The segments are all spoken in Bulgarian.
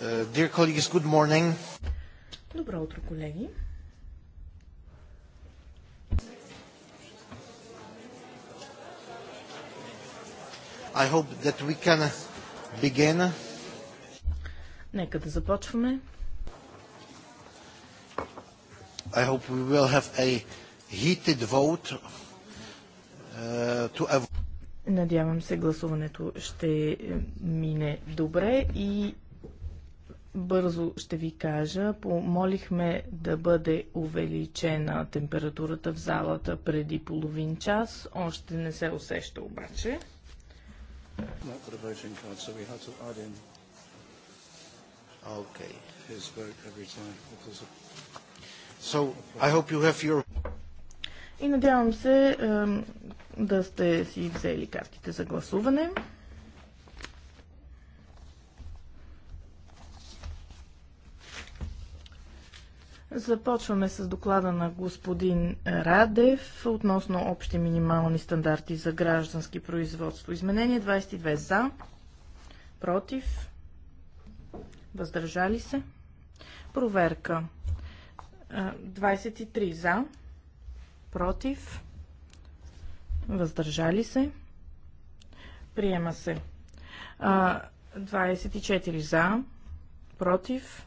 Dear colleagues, good morning. Добро утро, колеги. I hope that we can begin. Нека да започваме. I hope we will have a heated vote uh, to avoid Надявам се гласуването ще мине добре и Бързо ще ви кажа, помолихме да бъде увеличена температурата в залата преди половин час. Още не се усеща обаче. и надявам се да сте си взели картите за гласуване. Започваме с доклада на господин Радев относно общи минимални стандарти за граждански производство. Изменение 22 за, против, въздържали се. Проверка. 23 за, против, въздържали се. Приема се. 24 за, против,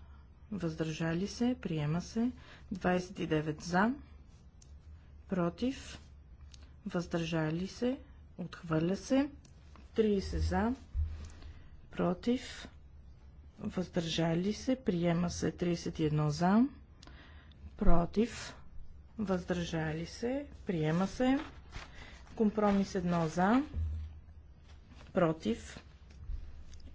въздържали се, приема се. 29 за, против, въздържали се, отхвърля се. 30 за, против, въздържали се, приема се 31 за, против, въздържали се, приема се, компромис 1 за, против,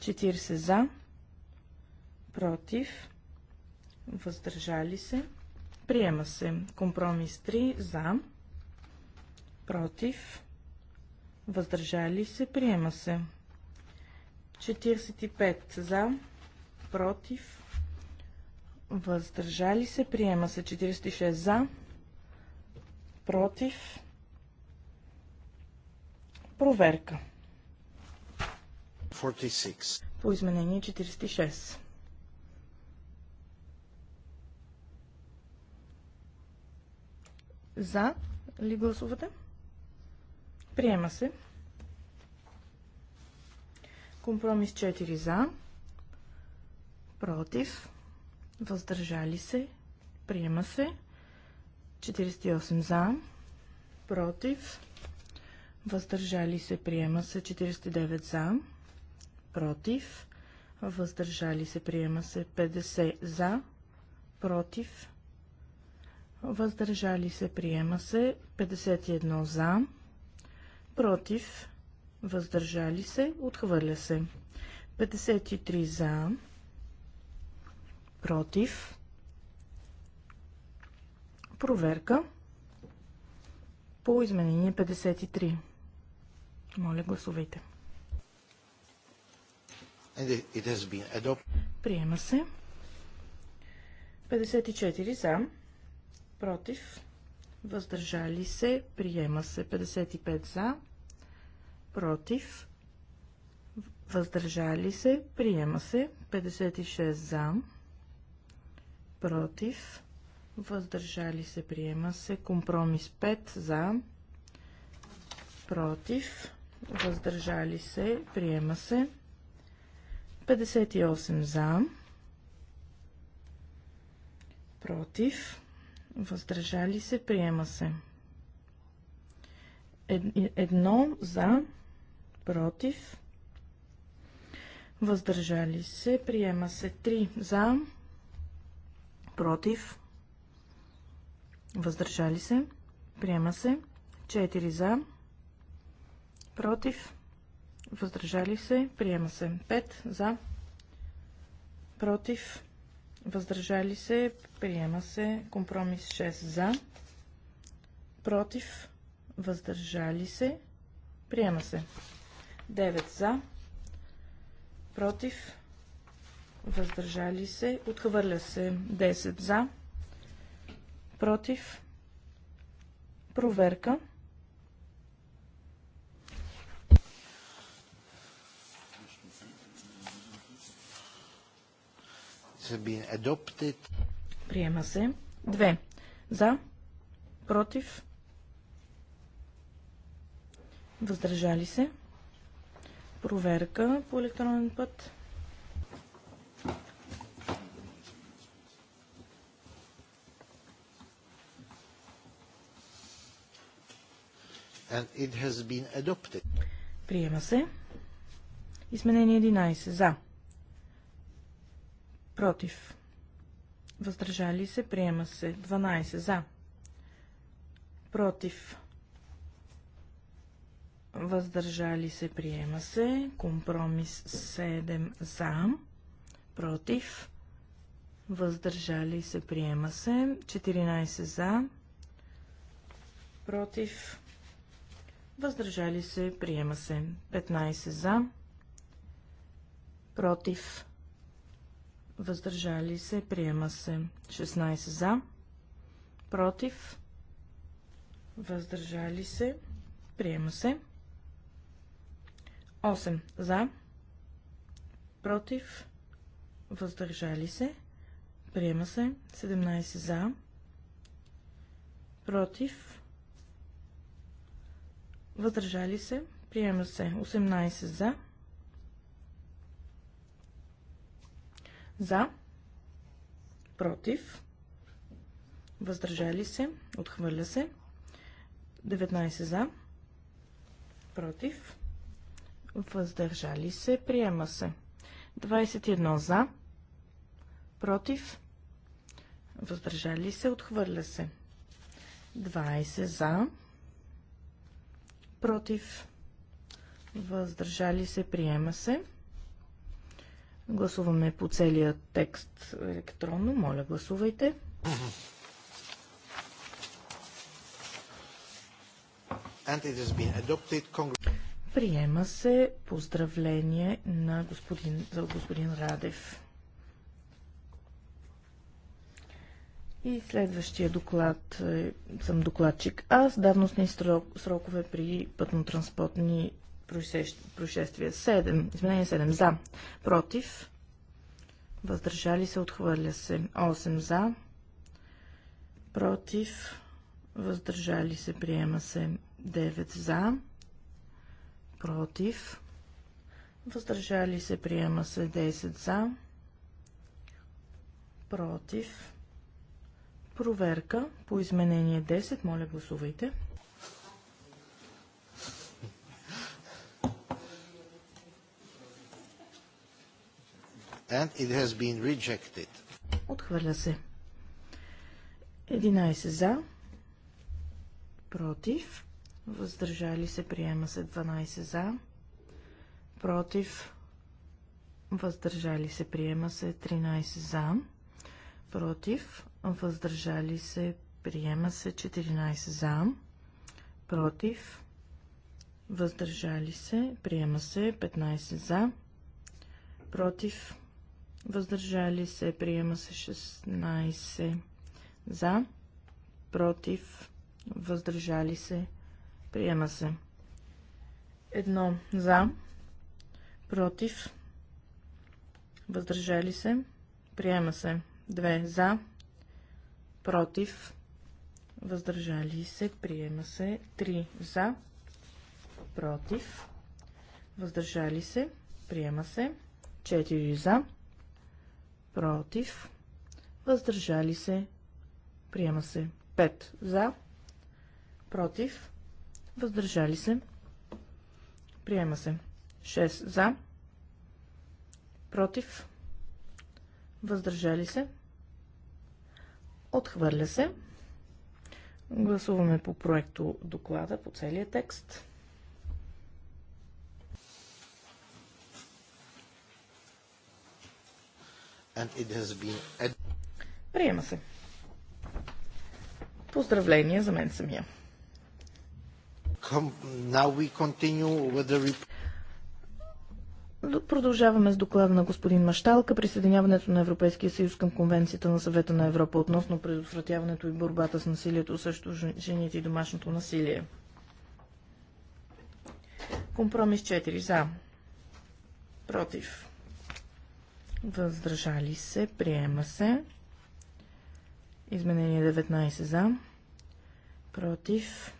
40 за, против, въздържали се, приема се. Компромис 3 за, против, въздържали се, приема се. 45 за, против, въздържали се, приема се. 46 за, против, проверка. 46. По изменение 46. За ли гласувате? Приема се. Компромис 4 за. Против. Въздържали се. Приема се. 48 за. Против. Въздържали се. Приема се. 49 за против, въздържали се, приема се 50 за, против, въздържали се, приема се 51 за, против, въздържали се, отхвърля се 53 за, против, проверка по изменение 53. Моля, гласувайте. Приема се. 54 за, против, въздържали се, приема се. 55 за, против, въздържали се, приема се. 56 за, против, въздържали се, приема се. Компромис 5 за, против, въздържали се, приема се. 58 за, против, въздържали се, приема се. Едно за, против, въздържали се, приема се. Три за, против, въздържали се, приема се. Четири за, против, въздържали се, приема се. 5 за, против, въздържали се, приема се. Компромис 6 за, против, въздържали се, приема се. 9 за, против, въздържали се, отхвърля се 10 за, против, проверка. Приема се. две. За. Против. Въздържали се. Проверка по електронен път. And it has been adopted. Приема се. Изменение 11. За против, въздържали се, приема се. 12 за, против, въздържали се, приема се. Компромис 7 за, против, въздържали се, приема се. 14 за, против, въздържали се, приема се. 15 за, против, въздържали се, приема се. 16 за, против, въздържали се, приема се. 8 за, против, въздържали се, приема се. 17 за, против, въздържали се, приема се. 18 за, против, За. Против. Въздържали се. Отхвърля се. 19 за. Против. Въздържали се. Приема се. 21 за. Против. Въздържали се. Отхвърля се. 20 за. Против. Въздържали се. Приема се. Гласуваме по целия текст електронно. Моля, гласувайте. Приема се поздравление на господин, за господин Радев. И следващия доклад е, съм докладчик аз. Давностни срокове при пътно-транспортни происшествия. 7. Изменение 7. За. Против. Въздържали се. Отхвърля се. 8. За. Против. Въздържали се. Приема се. 9. За. Против. Въздържали се. Приема се. 10. За. Против. Проверка по изменение 10. Моля, гласувайте. and it has been rejected. Отхвърля се. 11 за, против, въздържали се, приема се 12 за, против, въздържали се, приема се 13 за, против, въздържали се, приема се 14 за, против, въздържали се, приема се 15 за, против, въздържали се, приема се 16 за, против, въздържали се, приема се. Едно за, против, въздържали се, приема се. Две за, против, въздържали се, приема се. Три за, против, въздържали се, приема се. Четири за, против, против, въздържали се, приема се. 5 за, против, въздържали се, приема се. 6 за, против, въздържали се, отхвърля се. Гласуваме по проекто доклада, по целия текст. Приема се. Поздравление за мен самия. The... Продължаваме с доклада на господин Машталка. Присъединяването на Европейския съюз към Конвенцията на съвета на Европа относно предотвратяването и борбата с насилието срещу жените и домашното насилие. Компромис 4. За. Против въздържали се, приема се. Изменение 19 за, против,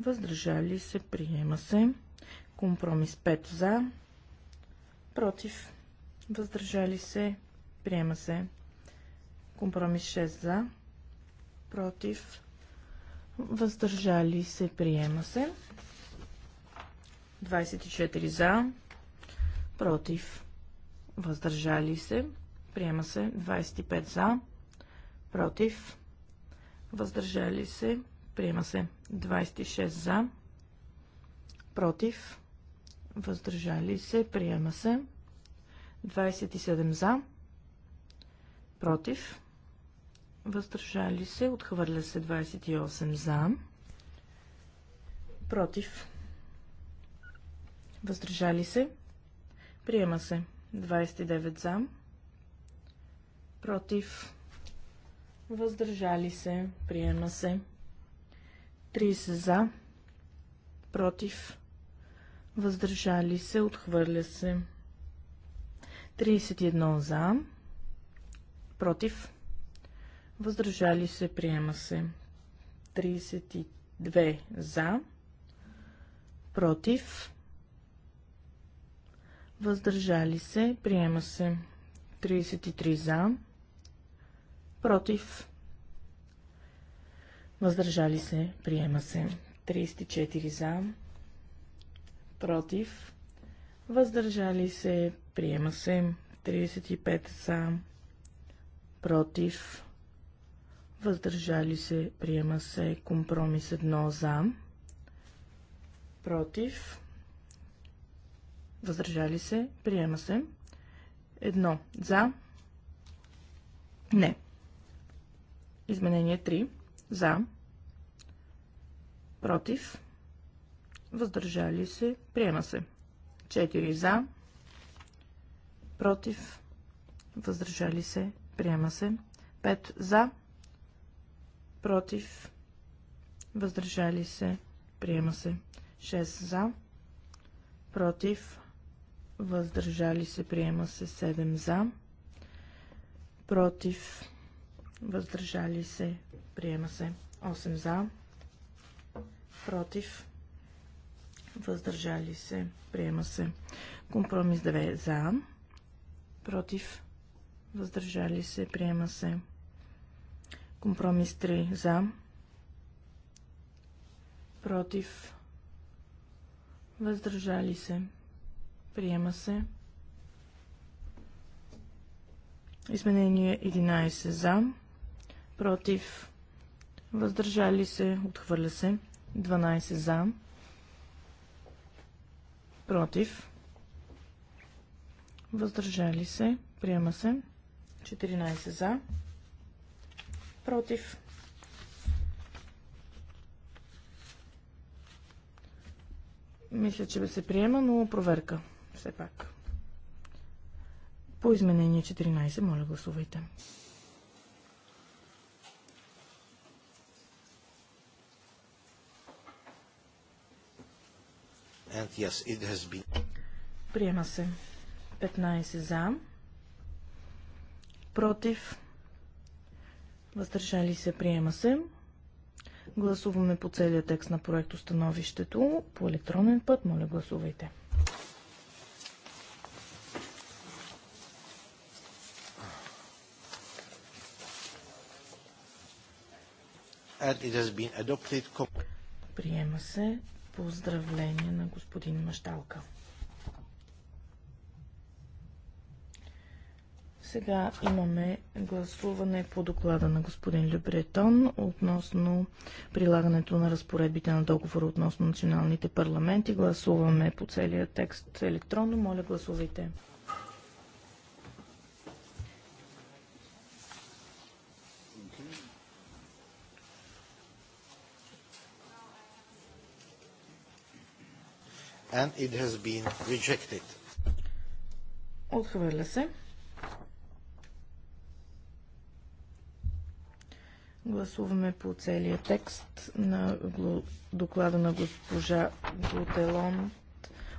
въздържали се, приема се. Компромис 5 за, против, въздържали се, приема се. Компромис 6 за, против, въздържали се, приема се. 24 за, против, въздържали се, приема се 25 за, против, въздържали се, приема се 26 за, против, въздържали се, приема се 27 за, против, въздържали се, отхвърля се 28 за, против, въздържали се, приема се 29 за. Против. Въздържали се. Приема се. 30 за. Против. Въздържали се. Отхвърля се. 31 за. Против. Въздържали се. Приема се. 32 за. Против въздържали се, приема се 33 за, против, въздържали се, приема се 34 за, против, въздържали се, приема се 35 за, против, въздържали се, приема се компромис 1 за, против, Въздържали се. Приема се. Едно. За. Не. Изменение 3. За. Против. Въздържали се. Приема се. 4 за. Против. Въздържали се. Приема се. 5 за. Против. Въздържали се. Приема се. 6 за. Против въздържали се, приема се 7 за, против, въздържали се, приема се 8 за, против, въздържали се, приема се компромис 2 за, против, въздържали се, приема се компромис 3 за, против, въздържали се, Приема се. Изменение 11 за. Против. Въздържали се. Отхвърля се. 12 за. Против. Въздържали се. Приема се. 14 за. Против. Мисля, че се приема, но проверка все пак. По изменение 14, моля гласувайте. And yes, it has been. Приема се. 15 за. Против. Въздържали се. Приема се. Гласуваме по целия текст на проекто становището по електронен път. Моля, гласувайте. and it has been adopted. Приема се поздравление на господин Машталка. Сега имаме гласуване по доклада на господин Любретон относно прилагането на разпоредбите на договора относно националните парламенти. Гласуваме по целия текст електронно. Моля, гласувайте. and it has been rejected. Отхвърля се. Гласуваме по целия текст на доклада на госпожа Гутелон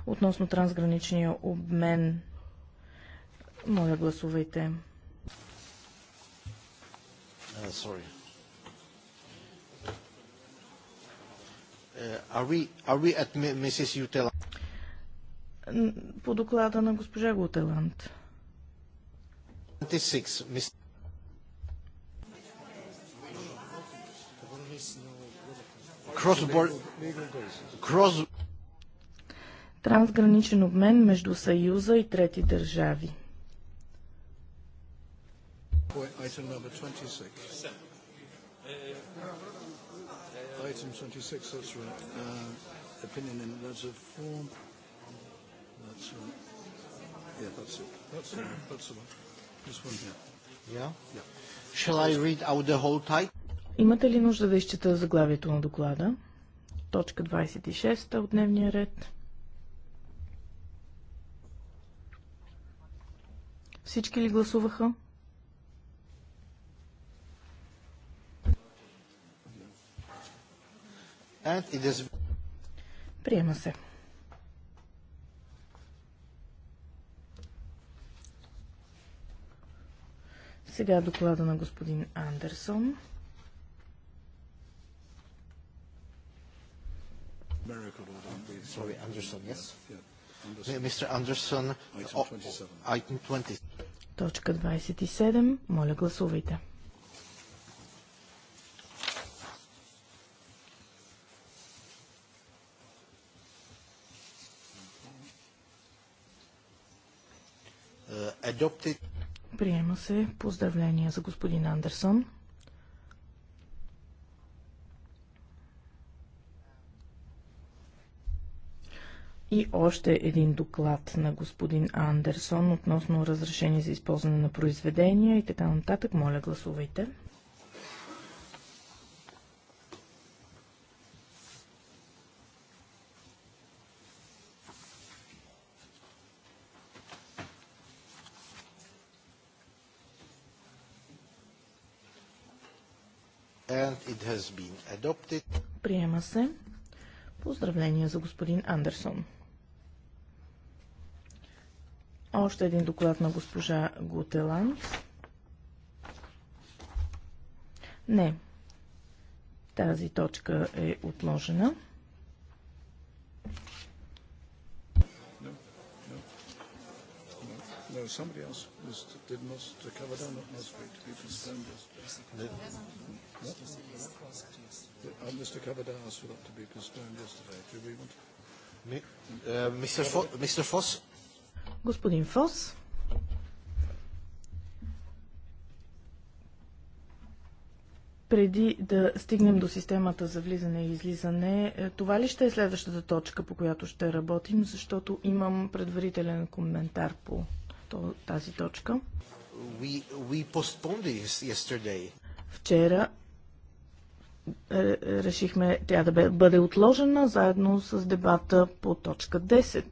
относно трансграничния обмен. Моля, гласувайте. Uh, sorry. Uh, are we, are we at Mrs. Utela? по доклада на госпожа Гутеланд. Трансграничен обмен между Съюза и трети държави. Item 26, that's right. Uh, opinion in that's a form yeah, that's it. That's the That's the one. This one here. Yeah? Yeah. Shall I read out the whole title? Имате ли нужда да изчета заглавието на доклада? Точка 26 от дневния ред. Всички ли гласуваха? Приема се. Сега е доклада на господин Андерсон. Sorry, Anderson, yes? Mr. Anderson, item 20. Точка 27. Моля, гласувайте. Uh, adopted. Приема се поздравления за господин Андерсон. И още един доклад на господин Андерсон относно разрешение за използване на произведения и така нататък. Моля, гласувайте. and it has been adopted. Приема се. Поздравления за господин Андерсон. Още един доклад на госпожа Гутеланд. Не. Тази точка е отложена. No, somebody else did cover down Uh, Mr. Cavada asked for that to be postponed yesterday. Do we want Mr. Uh, Foss? Господин Фос. Преди да стигнем до системата за влизане и излизане, е, това ли ще е следващата точка, по която ще работим, защото имам предварителен коментар по тази точка. Вчера е, е, решихме тя да бъде отложена заедно с дебата по точка 10.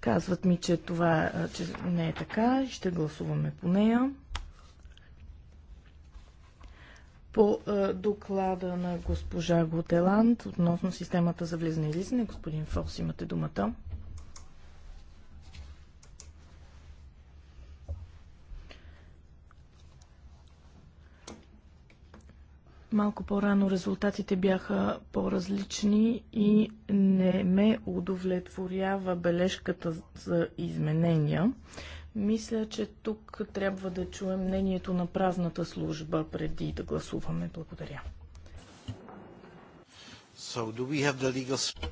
Казват ми, че това е, че не е така. Ще гласуваме по нея. По доклада на госпожа Готеланд относно системата за влизане и излизане, господин Фокс, имате думата. Малко по-рано резултатите бяха по-различни и не ме удовлетворява бележката за изменения. Мисля, че тук трябва да чуем мнението на правната служба преди да гласуваме. Благодаря. So, do we have the legal...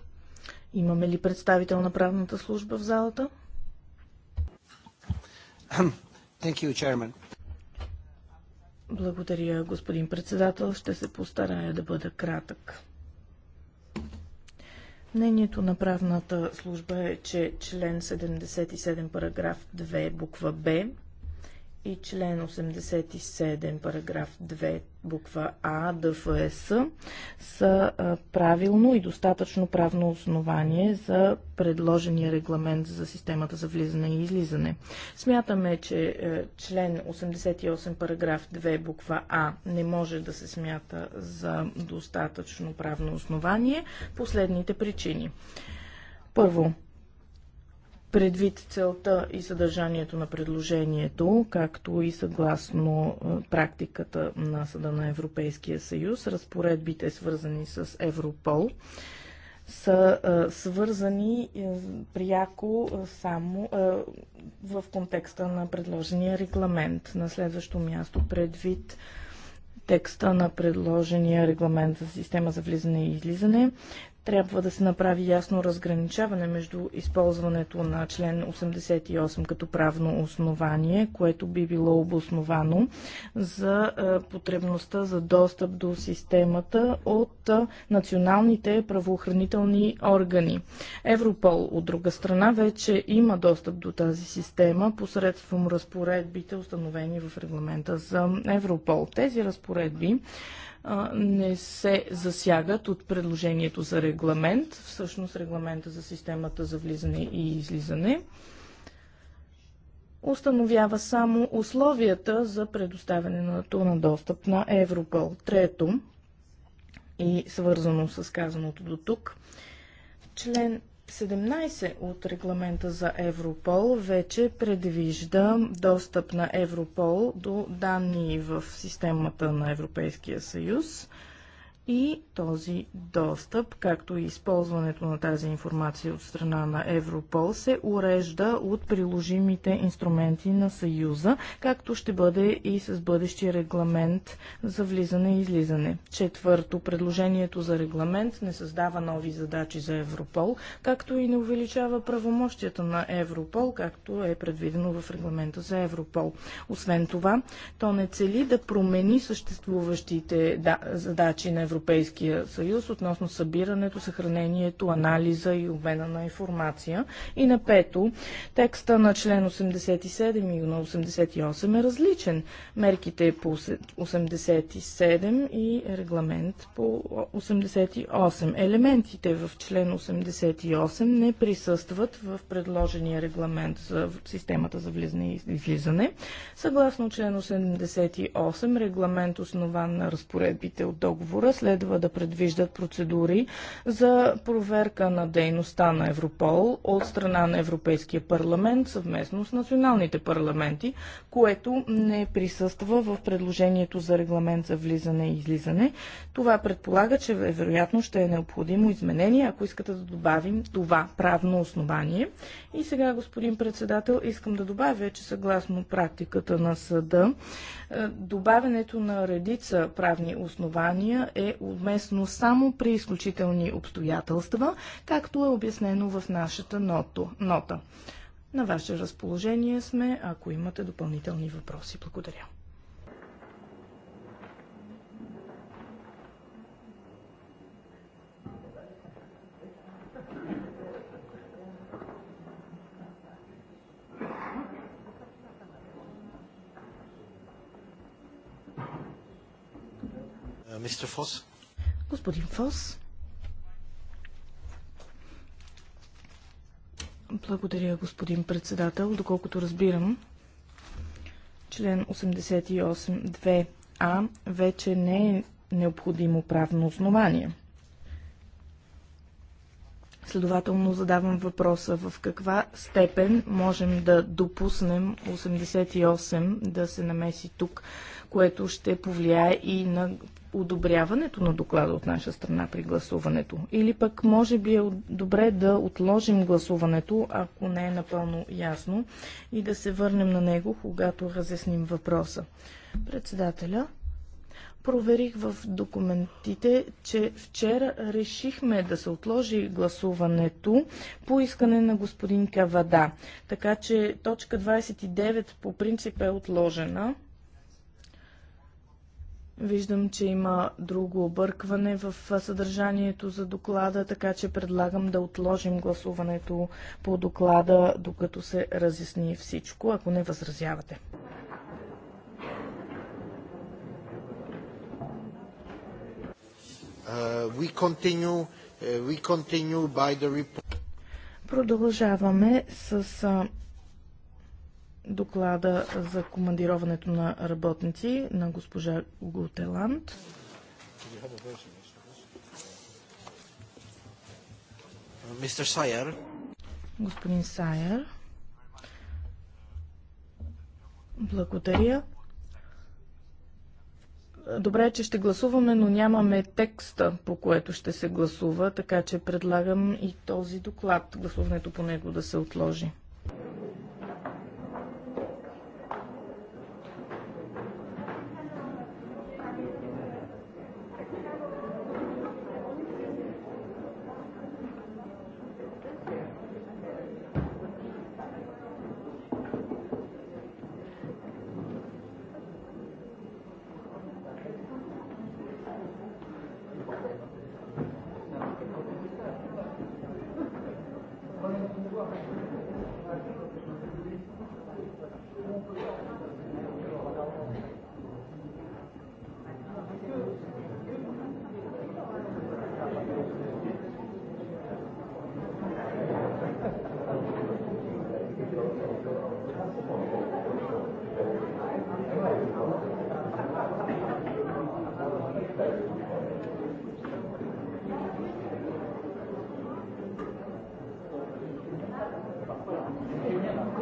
Имаме ли представител на правната служба в залата? Thank you, Chairman. Благодаря, господин председател. Ще се постарая да бъда кратък. Мнението на правната служба е, че член 77 параграф 2 буква Б и член 87, параграф 2, буква А, ДФС е, са правилно и достатъчно правно основание за предложения регламент за системата за влизане и излизане. Смятаме, че е, член 88, параграф 2, буква А не може да се смята за достатъчно правно основание. Последните причини. Първо, предвид целта и съдържанието на предложението, както и съгласно е, практиката на Съда на Европейския съюз, разпоредбите свързани с Европол са е, свързани е, пряко само в контекста на предложения регламент. На следващо място предвид текста на предложения регламент за система за влизане и излизане. Трябва да се направи ясно разграничаване между използването на член 88 като правно основание, което би било обосновано за е, потребността за достъп до системата от е, националните правоохранителни органи. Европол, от друга страна, вече има достъп до тази система посредством разпоредбите, установени в регламента за Европол. Тези разпоредби не се засягат от предложението за регламент, всъщност регламента за системата за влизане и излизане. Установява само условията за предоставяне на на достъп на Европол. Трето и свързано с казаното до тук, член 17 от регламента за Европол вече предвижда достъп на Европол до данни в системата на Европейския съюз и този достъп, както и използването на тази информация от страна на Европол, се урежда от приложимите инструменти на Съюза, както ще бъде и с бъдещи регламент за влизане и излизане. Четвърто, предложението за регламент не създава нови задачи за Европол, както и не увеличава правомощията на Европол, както е предвидено в регламента за Европол. Освен това, то не цели да промени съществуващите задачи на Европол Европейския съюз относно събирането, съхранението, анализа и обмена на информация. И на пето, текста на член 87 и на 88 е различен. Мерките по 87 и регламент по 88. Елементите в член 88 не присъстват в предложения регламент за системата за влизане и излизане. Съгласно член 88, регламент основан на разпоредбите от договора, следва да предвиждат процедури за проверка на дейността на Европол от страна на Европейския парламент съвместно с националните парламенти, което не присъства в предложението за регламент за влизане и излизане. Това предполага, че вероятно ще е необходимо изменение, ако искате да добавим това правно основание. И сега, господин председател, искам да добавя, че съгласно практиката на съда, е, добавянето на редица правни основания е уместно само при изключителни обстоятелства, както е обяснено в нашата нота. На ваше разположение сме, ако имате допълнителни въпроси. Благодаря. Uh, господин Фос. Благодаря, господин председател. Доколкото разбирам, член 88.2а вече не е необходимо правно основание. Следователно задавам въпроса в каква степен можем да допуснем 88 да се намеси тук, което ще повлияе и на одобряването на доклада от наша страна при гласуването. Или пък може би е добре да отложим гласуването, ако не е напълно ясно, и да се върнем на него, когато разясним въпроса. Председателя, проверих в документите, че вчера решихме да се отложи гласуването по искане на господин Кавада. Така че точка 29 по принцип е отложена. Виждам, че има друго объркване в съдържанието за доклада, така че предлагам да отложим гласуването по доклада, докато се разясни всичко, ако не възразявате. Uh, we continue, uh, we continue Продължаваме с доклада за командироването на работници на госпожа Гутеланд. Мистер Сайер. Господин Сайер. Благодаря. Добре, че ще гласуваме, но нямаме текста, по което ще се гласува, така че предлагам и този доклад, гласуването по него да се отложи.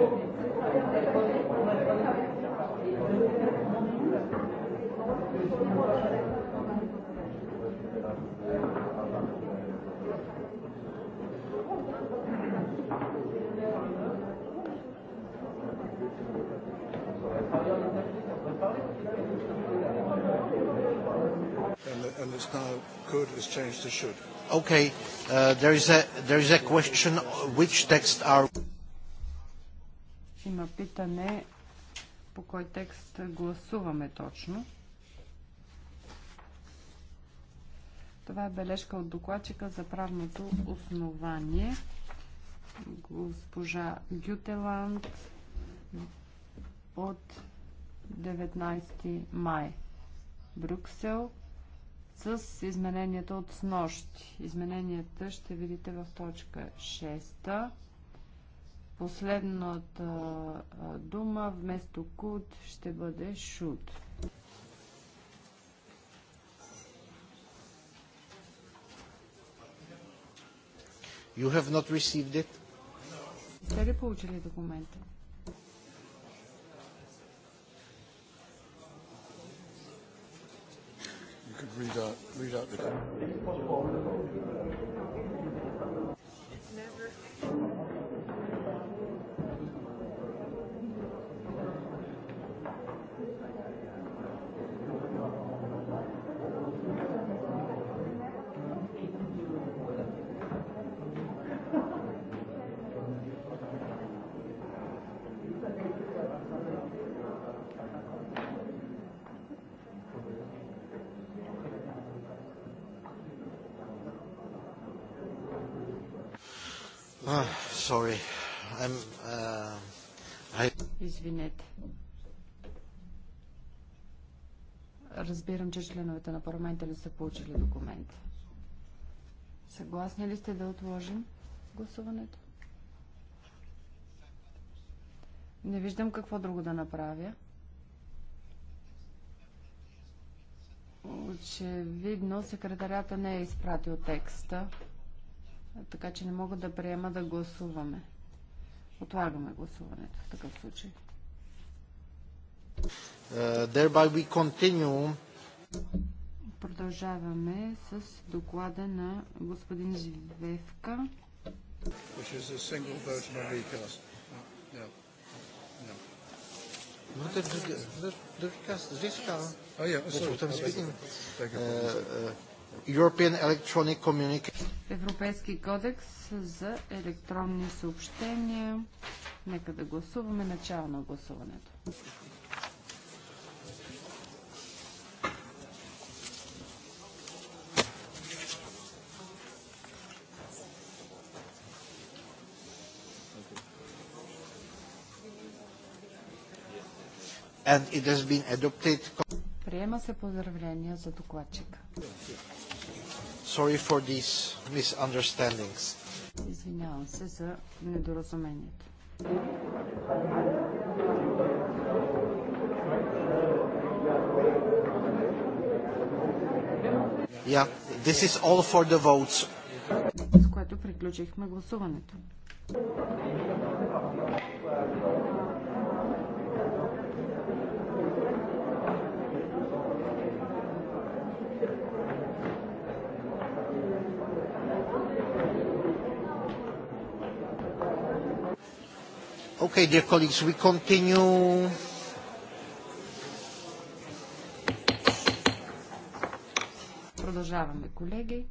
and it's now could is changed to should. Okay, uh, there is a there is a question which text are. Има питане по кой текст гласуваме точно. Това е бележка от докладчика за правното основание. Госпожа Гютеланд от 19 май. Брюксел с измененията от снощи. Измененията ще видите в точка 6 последната дума вместо could ще бъде should. You have not received it? Сте ли получили документа? read out, read out the... извинете. Разбирам, че членовете на парламента ли са получили документ. Съгласни ли сте да отложим гласуването? Не виждам какво друго да направя. Очевидно секретарята не е изпратил текста, така че не мога да приема да гласуваме. Отлагаме гласуването в такъв случай. Uh, Продължаваме с доклада на господин Живевка. Uh, oh, uh, Европейски кодекс за електронни съобщения. Нека да гласуваме начало на гласуването. and it has been adopted. Приема се поздравления за докладчика. Sorry for these misunderstandings. Извинявам се за недоразумението. Yeah, this is all for the votes. С което приключихме гласуването. Okay, dear colleagues, we continue. Продължаваме, колеги,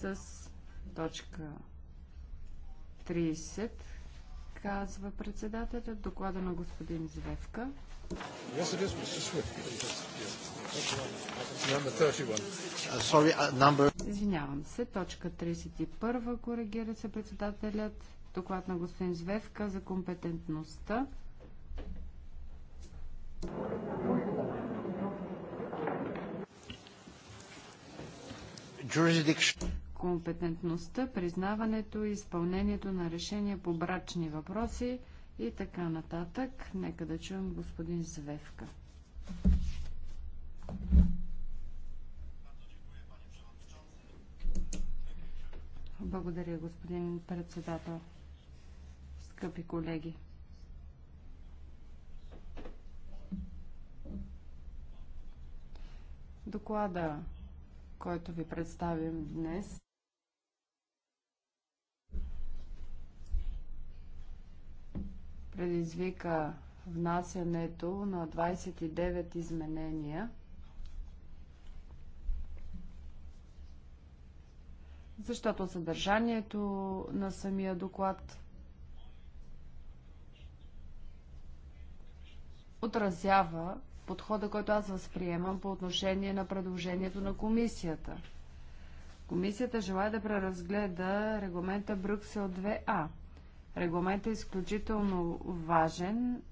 с точка 30, казва председателя, доклада на господин Звевка. Yes, it is, Mr. Swift. Number 31. Uh, sorry, uh, number... Извинявам се, точка 31, коригира се председателят доклад на господин Звевка за компетентността. Компетентността, признаването и изпълнението на решения по брачни въпроси и така нататък. Нека да чуем господин Звевка. Благодаря, господин председател скъпи колеги. Доклада, който ви представим днес, предизвика внасянето на 29 изменения – защото съдържанието на самия доклад отразява подхода, който аз възприемам по отношение на предложението на комисията. Комисията желая да преразгледа регламента Брюксел 2А. Регламентът е изключително важен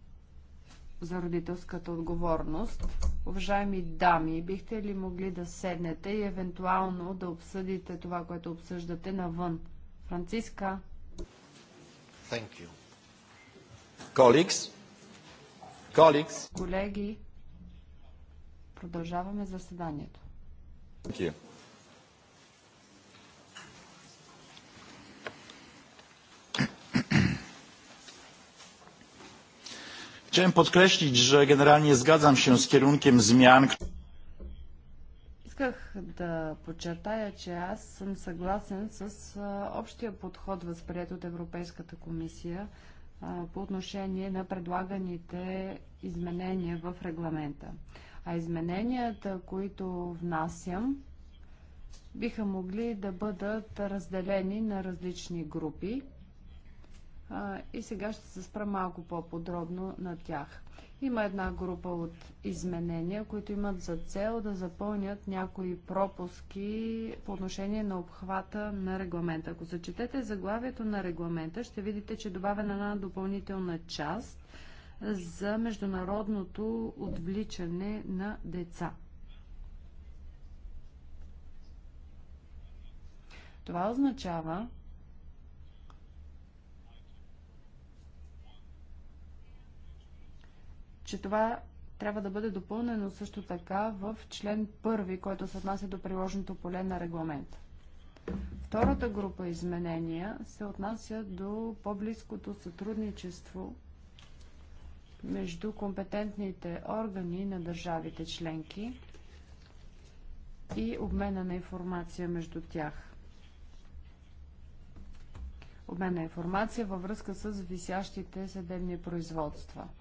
за родителската отговорност. Уважаеми дами, бихте ли могли да седнете и евентуално да обсъдите това, което обсъждате навън? Франциска? Thank you. Colleagues, Колеги, продължаваме заседанието. Thank Chciałem podkreślić, że generalnie zgadzam się z kierunkiem zmian. Исках да подчертая, че аз съм съгласен с общия подход, възприят от Европейската комисия по отношение на предлаганите изменения в регламента. А измененията, които внасям, биха могли да бъдат разделени на различни групи и сега ще се спра малко по-подробно на тях. Има една група от изменения, които имат за цел да запълнят някои пропуски по отношение на обхвата на регламента. Ако зачетете заглавието на регламента, ще видите, че е добавена една допълнителна част за международното отвличане на деца. Това означава, че това трябва да бъде допълнено също така в член 1, който се отнася до приложното поле на регламента. Втората група изменения се отнася до по-близкото сътрудничество между компетентните органи на държавите членки и обмена на информация между тях. Обмен на информация във връзка с висящите съдебни производства –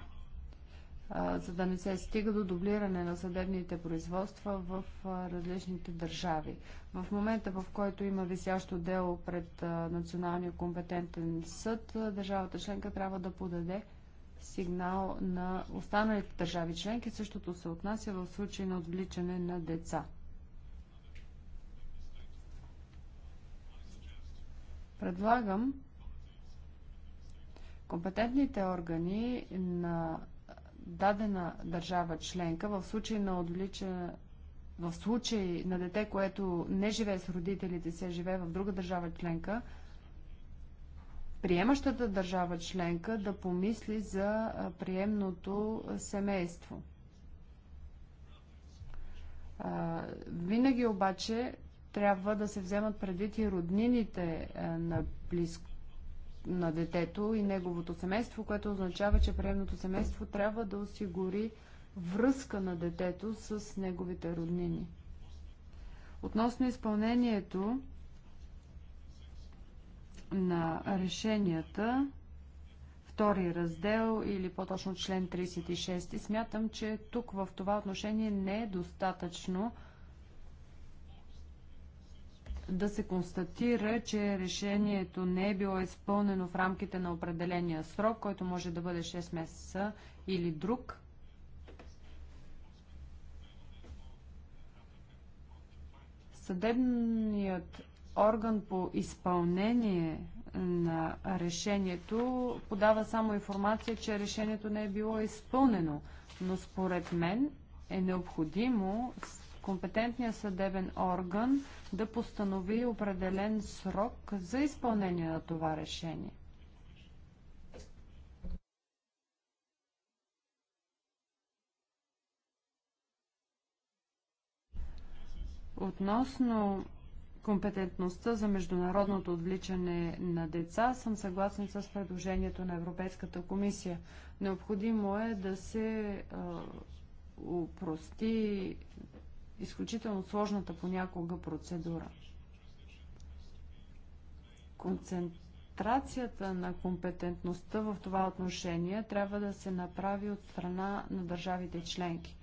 за да не се стига до дублиране на съдебните производства в различните държави. В момента, в който има висящо дело пред Националния компетентен съд, държавата членка трябва да подаде сигнал на останалите държави членки. Същото се отнася в случай на отвличане на деца. Предлагам компетентните органи на дадена държава членка в случай на отвлича в случай на дете, което не живее с родителите си, а живее в друга държава членка, приемащата държава членка да помисли за приемното семейство. Винаги обаче трябва да се вземат предвид и роднините на близко на детето и неговото семейство, което означава, че приемното семейство трябва да осигури връзка на детето с неговите роднини. Относно изпълнението на решенията, втори раздел или по-точно член 36, смятам, че тук в това отношение не е достатъчно да се констатира, че решението не е било изпълнено в рамките на определения срок, който може да бъде 6 месеца или друг. Съдебният орган по изпълнение на решението подава само информация, че решението не е било изпълнено, но според мен е необходимо компетентният съдебен орган да постанови определен срок за изпълнение на това решение. Относно компетентността за международното отвличане на деца, съм съгласен с предложението на Европейската комисия. Необходимо е да се упрости изключително сложната понякога процедура. Концентрацията на компетентността в това отношение трябва да се направи от страна на държавите членки.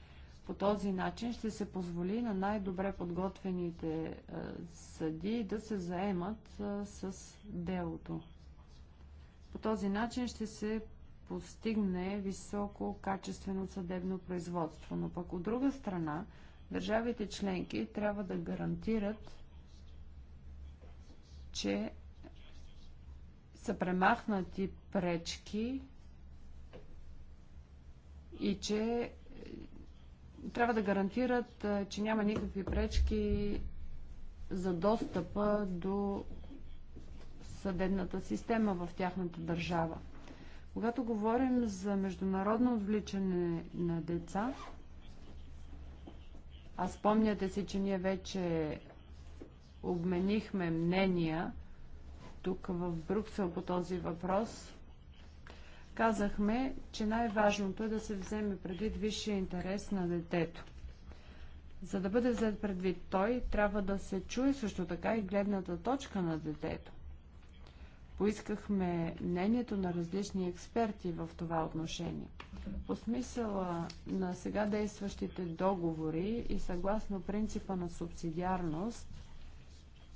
По този начин ще се позволи на най-добре подготвените е, съди да се заемат е, с делото. По този начин ще се постигне високо качествено съдебно производство. Но пък от друга страна, Държавите членки трябва да гарантират, че са премахнати пречки и че е, трябва да гарантират, е, че няма никакви пречки за достъпа до съдебната система в тяхната държава. Когато говорим за международно отвличане на деца, а спомняте си, че ние вече обменихме мнения тук в Брюксел по този въпрос. Казахме, че най-важното е да се вземе предвид висшия интерес на детето. За да бъде взет предвид той, трябва да се чуе също така и гледната точка на детето. Поискахме мнението на различни експерти в това отношение. По смисъла на сега действащите договори и съгласно принципа на субсидиарност,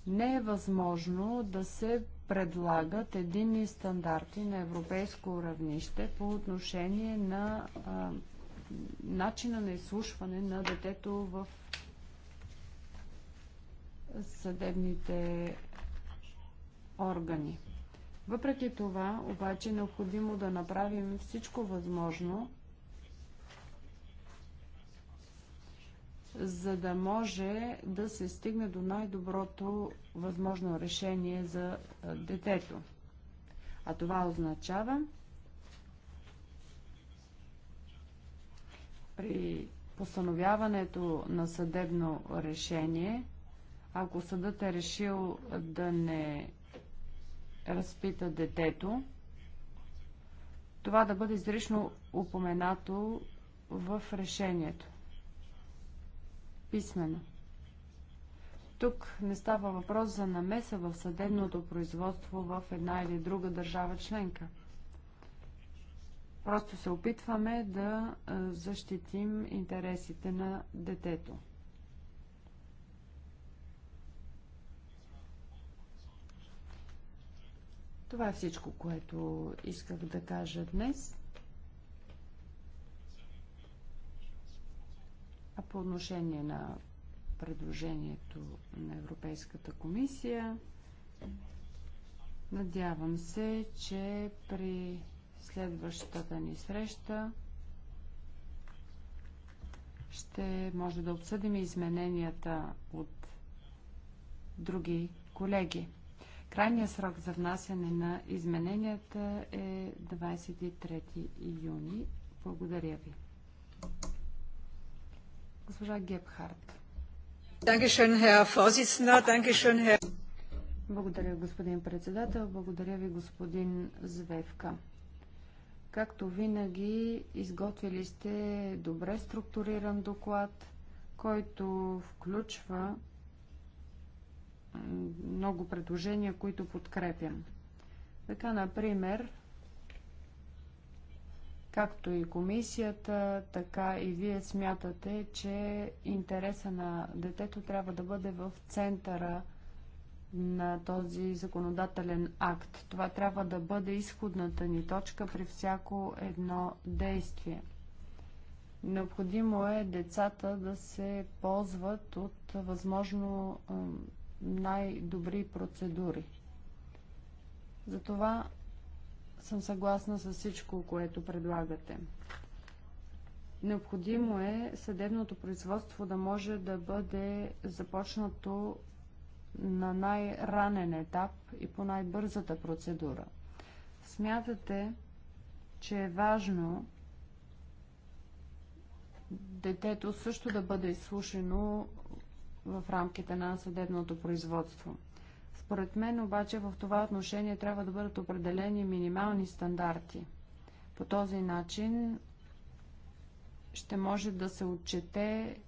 не е възможно да се предлагат единни стандарти на европейско равнище по отношение на а, начина на изслушване на детето в съдебните органи. Въпреки това, обаче, е необходимо да направим всичко възможно, за да може да се стигне до най-доброто възможно решение за детето. А това означава при постановяването на съдебно решение, ако съдът е решил да не разпита детето, това да бъде изрично упоменато в решението. Писмено. Тук не става въпрос за намеса в съдебното производство в една или друга държава членка. Просто се опитваме да защитим интересите на детето. Това е всичко, което исках да кажа днес. А по отношение на предложението на Европейската комисия, надявам се, че при следващата ни среща ще може да обсъдим измененията от други колеги. Крайният срок за внасяне на измененията е 23 юни. Благодаря ви. Госпожа Гебхарт. Благодаря, господин председател. Благодаря ви, господин Звевка. Както винаги, изготвили сте добре структуриран доклад, който включва много предложения, които подкрепям. Така, например, както и комисията, така и вие смятате, че интереса на детето трябва да бъде в центъра на този законодателен акт. Това трябва да бъде изходната ни точка при всяко едно действие. Необходимо е децата да се ползват от възможно най-добри процедури. Затова съм съгласна с всичко, което предлагате. Необходимо е съдебното производство да може да бъде започнато на най-ранен етап и по най-бързата процедура. Смятате, че е важно детето също да бъде изслушено в рамките на съдебното производство. Според мен обаче в това отношение трябва да бъдат определени минимални стандарти. По този начин ще може да се отчете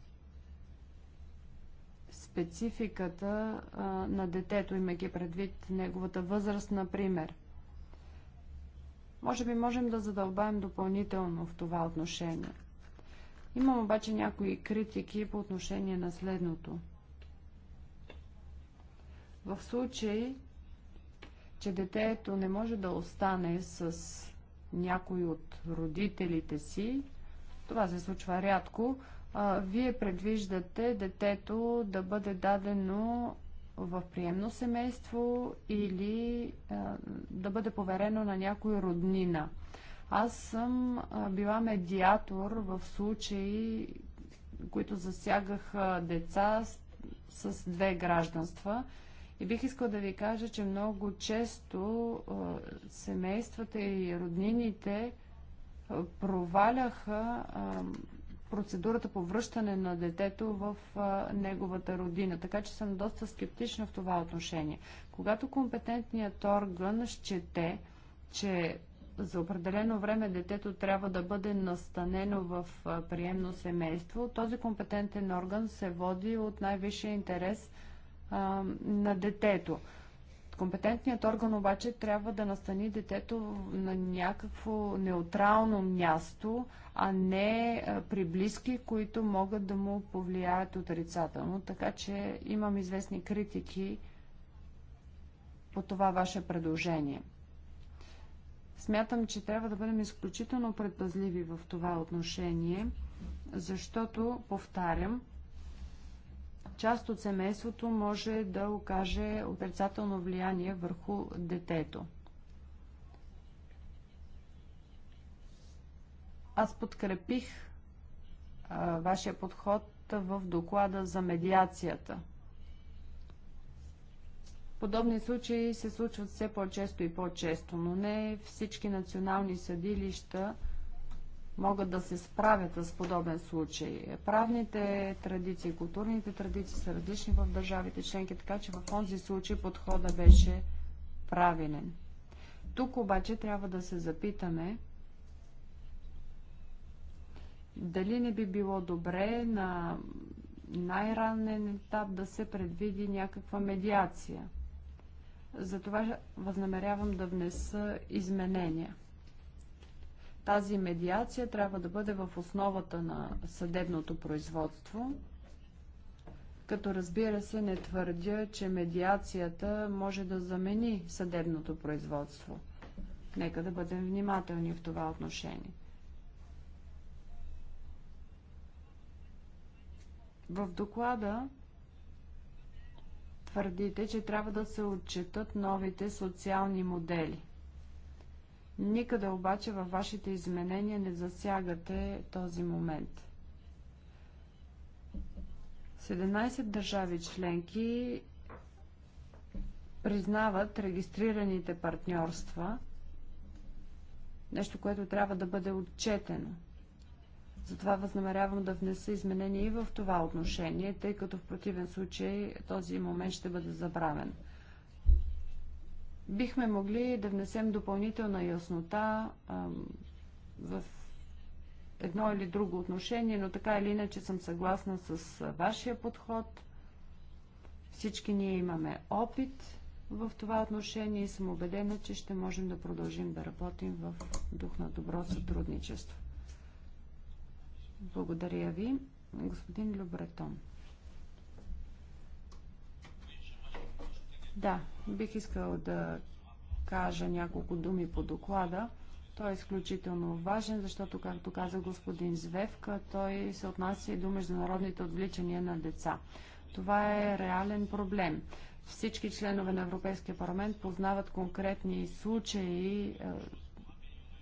спецификата а, на детето, имайки предвид неговата възраст, например. Може би можем да задълбаем допълнително в това отношение. Имам обаче някои критики по отношение на следното. В случай, че детето не може да остане с някой от родителите си, това се случва рядко, а, вие предвиждате детето да бъде дадено в приемно семейство или а, да бъде поверено на някой роднина. Аз съм била медиатор в случаи, които засягаха деца с две гражданства. И бих искала да ви кажа, че много често семействата и роднините проваляха процедурата по връщане на детето в неговата родина. Така че съм доста скептична в това отношение. Когато компетентният орган щете, че за определено време детето трябва да бъде настанено в приемно семейство, този компетентен орган се води от най-висшия интерес на детето. Компетентният орган обаче трябва да настани детето на някакво неутрално място, а не при близки, които могат да му повлияят отрицателно. Така че имам известни критики по това ваше предложение. Смятам, че трябва да бъдем изключително предпазливи в това отношение, защото, повтарям, част от семейството може да окаже отрицателно влияние върху детето. Аз подкрепих а, вашия подход в доклада за медиацията – Подобни случаи се случват все по-често и по-често, но не всички национални съдилища могат да се справят с подобен случай. Правните традиции, културните традиции са различни в държавите членки, така че в този случай подхода беше правилен. Тук обаче трябва да се запитаме дали не би било добре на най-ранен етап да се предвиди някаква медиация – затова възнамерявам да внеса изменения. Тази медиация трябва да бъде в основата на съдебното производство, като разбира се не твърдя, че медиацията може да замени съдебното производство. Нека да бъдем внимателни в това отношение. В доклада твърдите, че трябва да се отчетат новите социални модели. Никъде обаче във вашите изменения не засягате този момент. 17 държави членки признават регистрираните партньорства, нещо, което трябва да бъде отчетено – затова възнамерявам да внеса изменения и в това отношение, тъй като в противен случай този момент ще бъде забравен. Бихме могли да внесем допълнителна яснота в едно или друго отношение, но така или иначе съм съгласна с вашия подход. Всички ние имаме опит в това отношение и съм убедена, че ще можем да продължим да работим в дух на добро сътрудничество. Благодаря ви. Господин Любретон. Да, бих искал да кажа няколко думи по доклада. Той е изключително важен, защото, както каза господин Звевка, той се отнася и до международните отвличания на деца. Това е реален проблем. Всички членове на Европейския парламент познават конкретни случаи е,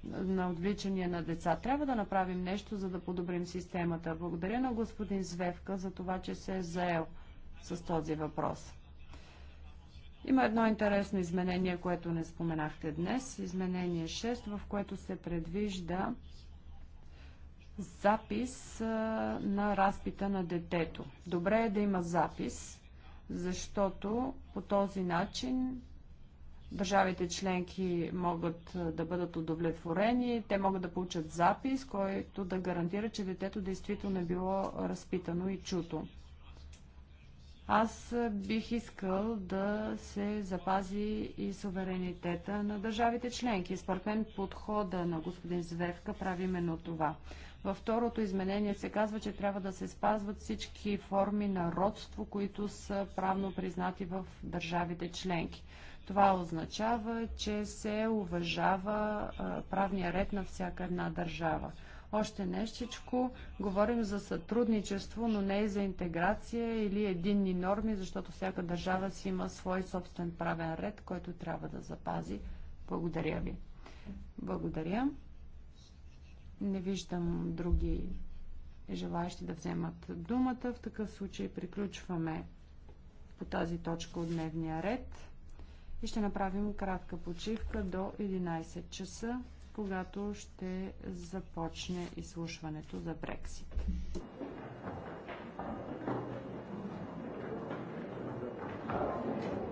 на отвличания на деца. Трябва да направим нещо, за да подобрим системата. Благодаря на господин Звевка за това, че се е заел с този въпрос. Има едно интересно изменение, което не споменахте днес. Изменение 6, в което се предвижда запис на разпита на детето. Добре е да има запис, защото по този начин държавите членки могат да бъдат удовлетворени, те могат да получат запис, който да гарантира, че детето действително е било разпитано и чуто. Аз бих искал да се запази и суверенитета на държавите членки. Според мен подхода на господин Зверка прави именно това. Във второто изменение се казва, че трябва да се спазват всички форми на родство, които са правно признати в държавите членки. Това означава, че се уважава правния ред на всяка една държава. Още нещичко, говорим за сътрудничество, но не и за интеграция или единни норми, защото всяка държава си има свой собствен правен ред, който трябва да запази. Благодаря ви. Благодаря. Не виждам други желаящи да вземат думата. В такъв случай приключваме по тази точка от дневния ред и ще направим кратка почивка до 11 часа, когато ще започне изслушването за Брексит. Thank you.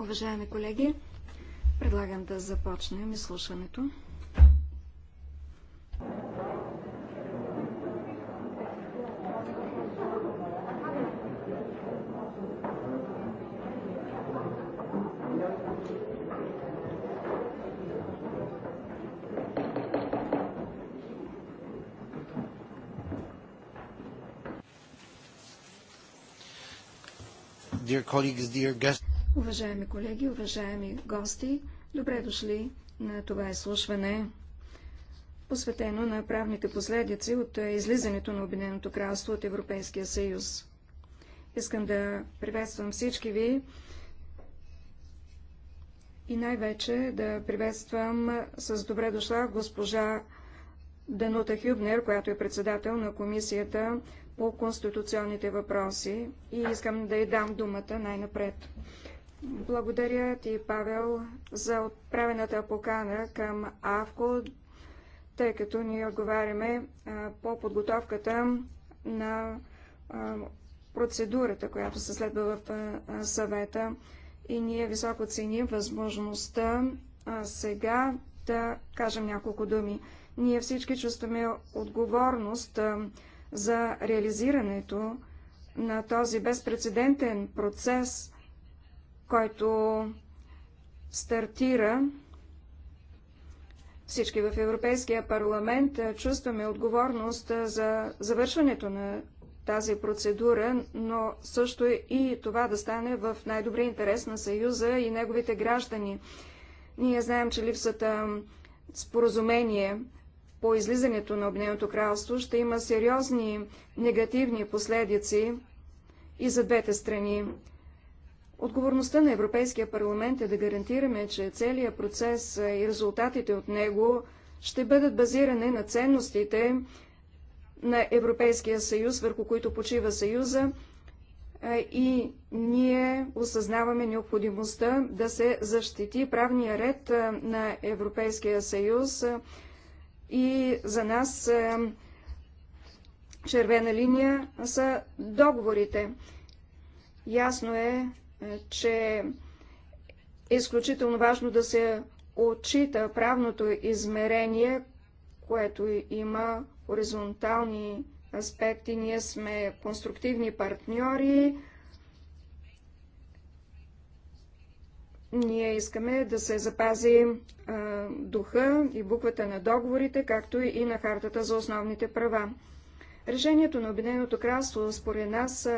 Уважаеми колеги, предлагам да започнем изслушването. Dear dear уважаеми колеги, уважаеми гости, добре дошли на това изслушване, посветено на правните последици от излизането на Обединеното кралство от Европейския съюз. Искам да приветствам всички ви и най-вече да приветствам с добре дошла госпожа Данута Хюбнер, която е председател на Комисията по конституционните въпроси и искам да й дам думата най-напред. Благодаря ти, Павел, за отправената покана към АВКО, тъй като ние отговаряме по подготовката на процедурата, която се следва в съвета и ние високо ценим възможността сега да кажем няколко думи. Ние всички чувстваме отговорност за реализирането на този безпредседентен процес, който стартира. Всички в Европейския парламент е, чувстваме отговорност е, за завършването на тази процедура, но също и това да стане в най-добрия интерес на Съюза и неговите граждани. Ние знаем, че липсата споразумение по излизането на Обединеното кралство ще има сериозни негативни последици и за двете страни. Отговорността на Европейския парламент е да гарантираме, че целият процес и резултатите от него ще бъдат базирани на ценностите на Европейския съюз, върху които почива съюза, и ние осъзнаваме необходимостта да се защити правния ред на Европейския съюз и за нас е, червена линия са договорите. Ясно е, е, че е изключително важно да се отчита правното измерение, което има хоризонтални аспекти. Ние сме конструктивни партньори, Ние искаме да се запази а, духа и буквата на договорите, както и на хартата за основните права. Решението на Обединеното кралство, според нас,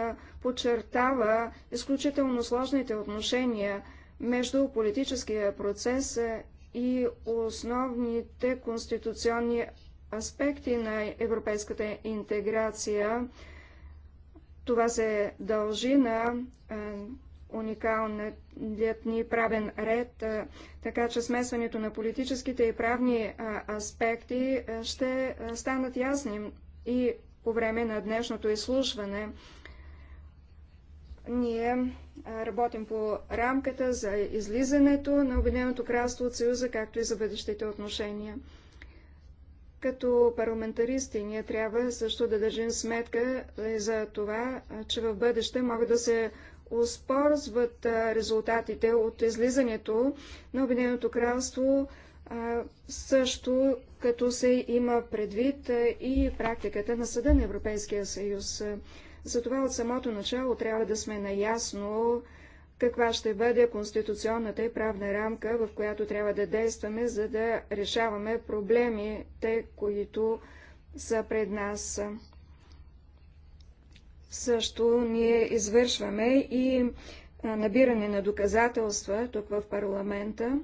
подчертава изключително сложните отношения между политическия процес и основните конституционни аспекти на европейската интеграция. Това се дължи на уникалният ни правен ред, така че смесването на политическите и правни аспекти ще станат ясни и по време на днешното изслушване. Ние работим по рамката за излизането на Обединеното кралство от Съюза, както и за бъдещите отношения. Като парламентаристи ние трябва също да държим сметка за това, че в бъдеще могат да се Оспорзват резултатите от излизането на Обединеното кралство, също като се има предвид и практиката на Съда на Европейския съюз. Затова от самото начало трябва да сме наясно каква ще бъде конституционната и правна рамка, в която трябва да действаме, за да решаваме проблемите, които са пред нас. Също ние извършваме и набиране на доказателства тук в парламента.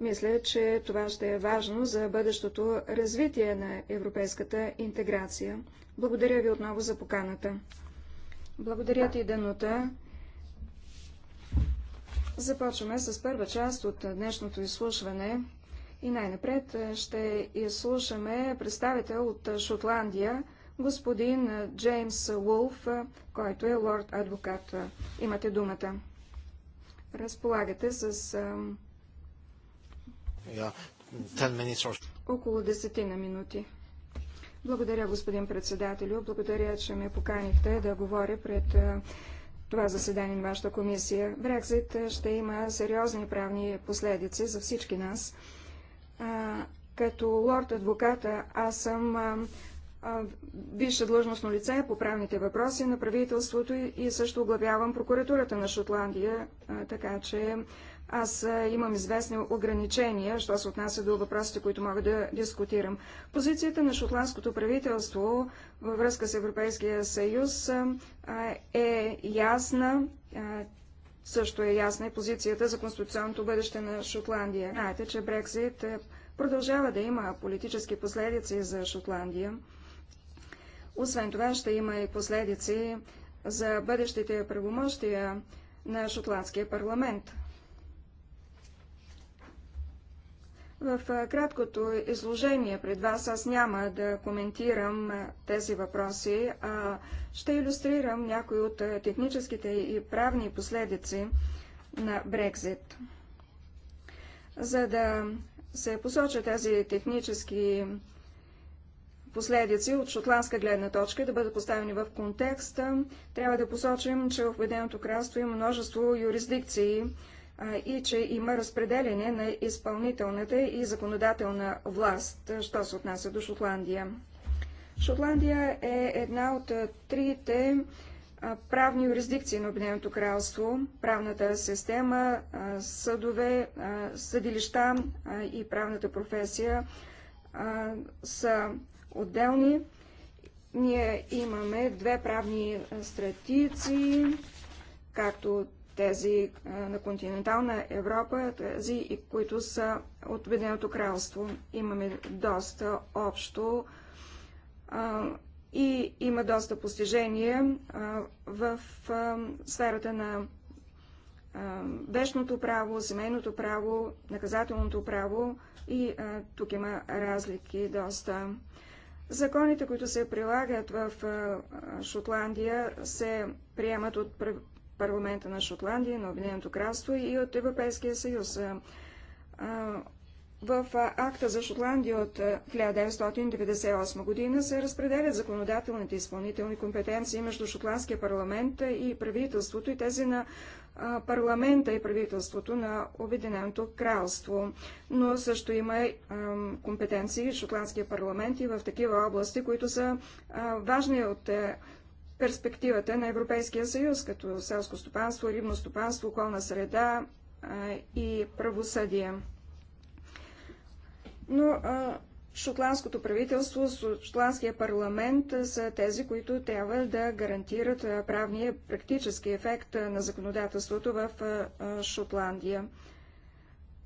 Мисля, че това ще е важно за бъдещото развитие на европейската интеграция. Благодаря ви отново за поканата. Благодаря ти, Данута. Започваме с първа част от днешното изслушване. И най-напред ще изслушаме представител от Шотландия, господин Джеймс Уолф, който е лорд адвокат. Имате думата. Разполагате с около десетина минути. Благодаря, господин председателю. Благодаря, че ме поканихте да говоря пред това заседание на вашата комисия. Брекзит ще има сериозни правни последици за всички нас. като лорд адвоката аз съм висше длъжностно лице по правните въпроси на правителството и също оглавявам прокуратурата на Шотландия, така че аз имам известни ограничения, що се отнася до въпросите, които мога да дискутирам. Позицията на шотландското правителство във връзка с Европейския съюз е ясна. Също е ясна и позицията за конституционното бъдеще на Шотландия. Знаете, че Брексит продължава да има политически последици за Шотландия. Освен това ще има и последици за бъдещите правомощия на Шотландския парламент. В краткото изложение пред вас аз няма да коментирам тези въпроси, а ще иллюстрирам някои от техническите и правни последици на Брекзит. За да се посочат тези технически последици от шотландска гледна точка да бъдат поставени в контекста. Трябва да посочим, че в Обединеното кралство има множество юрисдикции и че има разпределение на изпълнителната и законодателна власт, що се отнася до Шотландия. Шотландия е една от трите правни юрисдикции на Обединеното кралство, правната система, съдове, съдилища и правната професия са отделни. Ние имаме две правни стратици, както тези на континентална Европа, тези, които са от Обединеното кралство. Имаме доста общо и има доста постижения в сферата на вечното право, семейното право, наказателното право и тук има разлики доста. Законите, които се прилагат в Шотландия, се приемат от парламента на Шотландия, на Обединеното кралство и от Европейския съюз. В акта за Шотландия от 1998 година се разпределят законодателните и изпълнителни компетенции между Шотландския парламент и правителството и тези на парламента и правителството на Обединеното кралство. Но също има и компетенции Шотландския парламент и в такива области, които са важни от перспективата на Европейския съюз, като селско стопанство, рибно стопанство, околна среда и правосъдие но а, шотландското правителство, шотландския парламент са тези, които трябва да гарантират правния практически ефект на законодателството в Шотландия.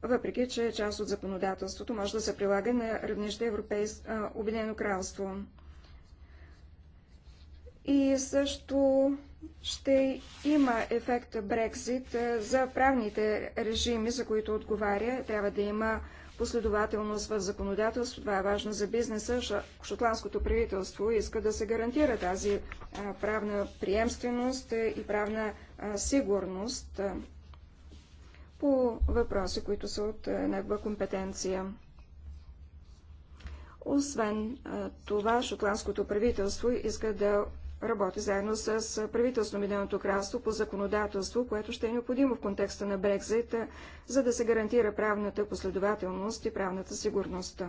Въпреки, че част от законодателството може да се прилага на равнище Европейс... Обединено кралство. И също ще има ефект Брекзит за правните режими, за които отговаря. Трябва да има последователност в законодателство. Това е важно за бизнеса. Шотландското правителство иска да се гарантира тази правна приемственост е, и правна сигурност по въпроси, които са от е, негова компетенция. Освен това, шотландското правителство иска да работи заедно с правителство на кралство по законодателство, което ще е необходимо в контекста на Брекзит, е, за да се гарантира правната последователност и правната сигурност.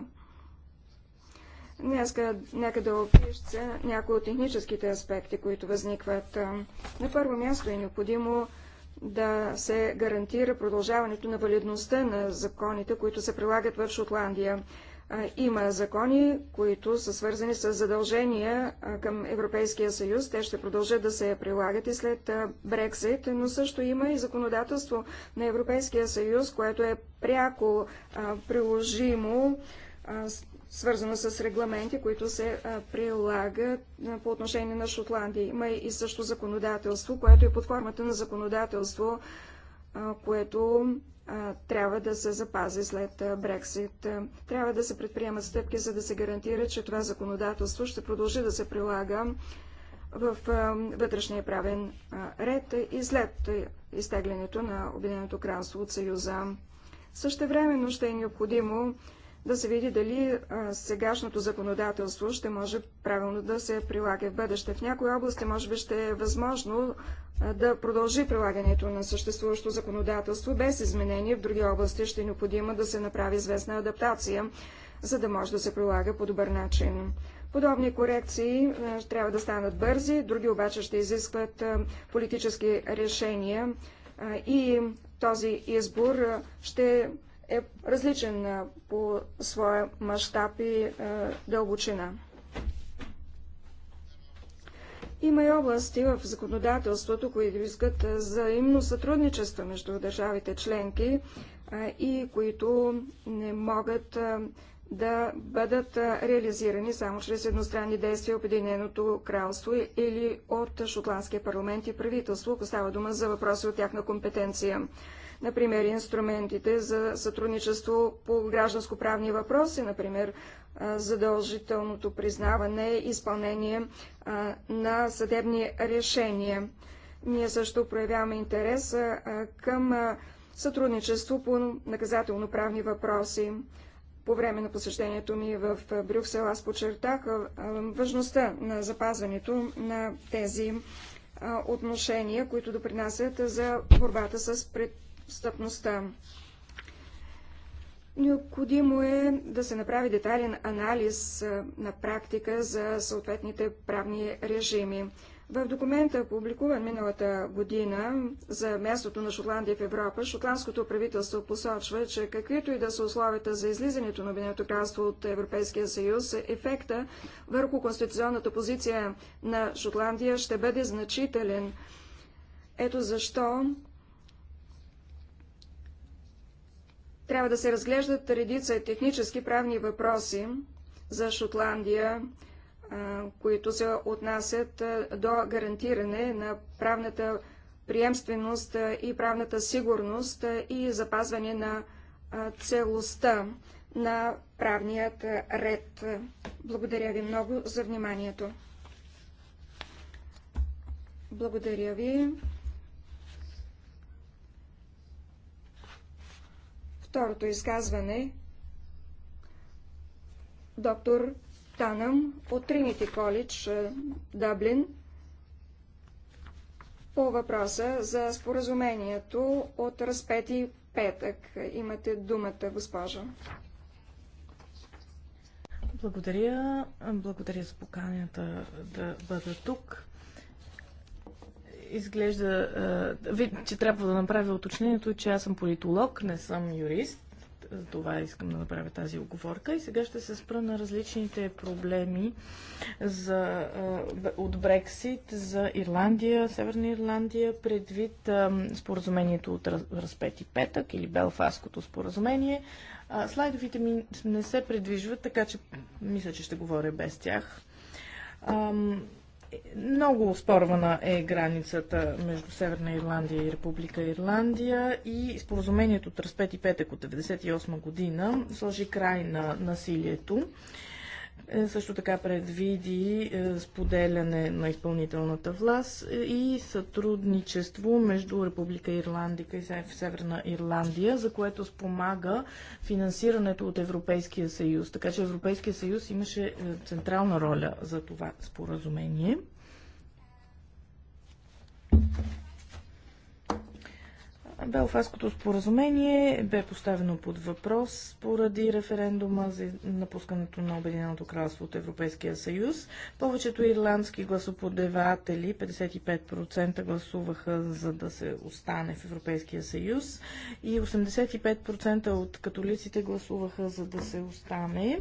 Днес нека да опишца някои от техническите аспекти, които възникват. Е, на първо място е необходимо да се гарантира продължаването на валидността на законите, които се прилагат в Шотландия. Има закони, които са свързани с задължения към Европейския съюз. Те ще продължат да се прилагат и след Брексит, но също има и законодателство на Европейския съюз, което е пряко приложимо, свързано с регламенти, които се прилагат по отношение на Шотландия. Има и също законодателство, което е под формата на законодателство, което трябва да се запази след Брексит. Трябва да се предприемат стъпки, за да се гарантира, че това законодателство ще продължи да се прилага в вътрешния правен ред и след изтеглянето на Обединеното кралство от Съюза. времено ще е необходимо да се види дали сегашното законодателство ще може правилно да се прилага в бъдеще. В някои области може би ще е възможно да продължи прилагането на съществуващо законодателство без изменение. В други области ще е необходимо да се направи известна адаптация, за да може да се прилага по добър начин. Подобни корекции трябва да станат бързи, други обаче ще изискват политически решения и този избор ще е различен по своя мащаб и дълбочина. Има и области в законодателството, които искат взаимно сътрудничество между държавите членки и които не могат да бъдат реализирани само чрез едностранни действия Обединеното кралство или от Шотландския парламент и правителство, ако става дума за въпроси от тяхна компетенция. Например, инструментите за сътрудничество по гражданско-правни въпроси, например, задължителното признаване и изпълнение на съдебни решения. Ние също проявяваме интерес към сътрудничество по наказателно-правни въпроси. По време на посещението ми в Брюксел аз подчертах важността на запазването на тези отношения, които допринасят за борбата с пред стъпността. Необходимо е да се направи детайлен анализ на практика за съответните правни режими. В документа, публикуван миналата година за мястото на Шотландия в Европа, шотландското правителство посочва, че каквито и да са условията за излизането на Обединеното кралство от Европейския съюз, ефекта върху конституционната позиция на Шотландия ще бъде значителен. Ето защо трябва да се разглеждат редица технически правни въпроси за Шотландия, които се отнасят до гарантиране на правната приемственост и правната сигурност и запазване на целостта на правният ред. Благодаря ви много за вниманието. Благодаря ви. Второто изказване доктор Танъм от Тринити коледж, е, Дъблин, по въпроса за споразумението от разпети петък. Имате думата, госпожа. Благодаря. Благодаря за поканята да бъда тук изглежда, че трябва да направя уточнението, че аз съм политолог, не съм юрист. За това искам да направя тази оговорка. И сега ще се спра на различните проблеми за, от Брексит за Ирландия, Северна Ирландия, предвид споразумението от Разпети петък или Белфаското споразумение. Слайдовите ми не се предвижват, така че мисля, че ще говоря без тях. Много спорвана е границата между Северна Ирландия и Република Ирландия и споразумението от Разпети петък от 1998 година сложи край на насилието. Е, също така предвиди е, споделяне на изпълнителната власт е, и сътрудничество между Република Ирландия и Северна Ирландия, за което спомага финансирането от Европейския съюз. Така че Европейския съюз имаше централна роля за това споразумение. Белфаското споразумение бе поставено под въпрос поради референдума за напускането на Обединеното кралство от Европейския съюз. Повечето ирландски гласоподеватели, 55% гласуваха за да се остане в Европейския съюз и 85% от католиците гласуваха за да се остане.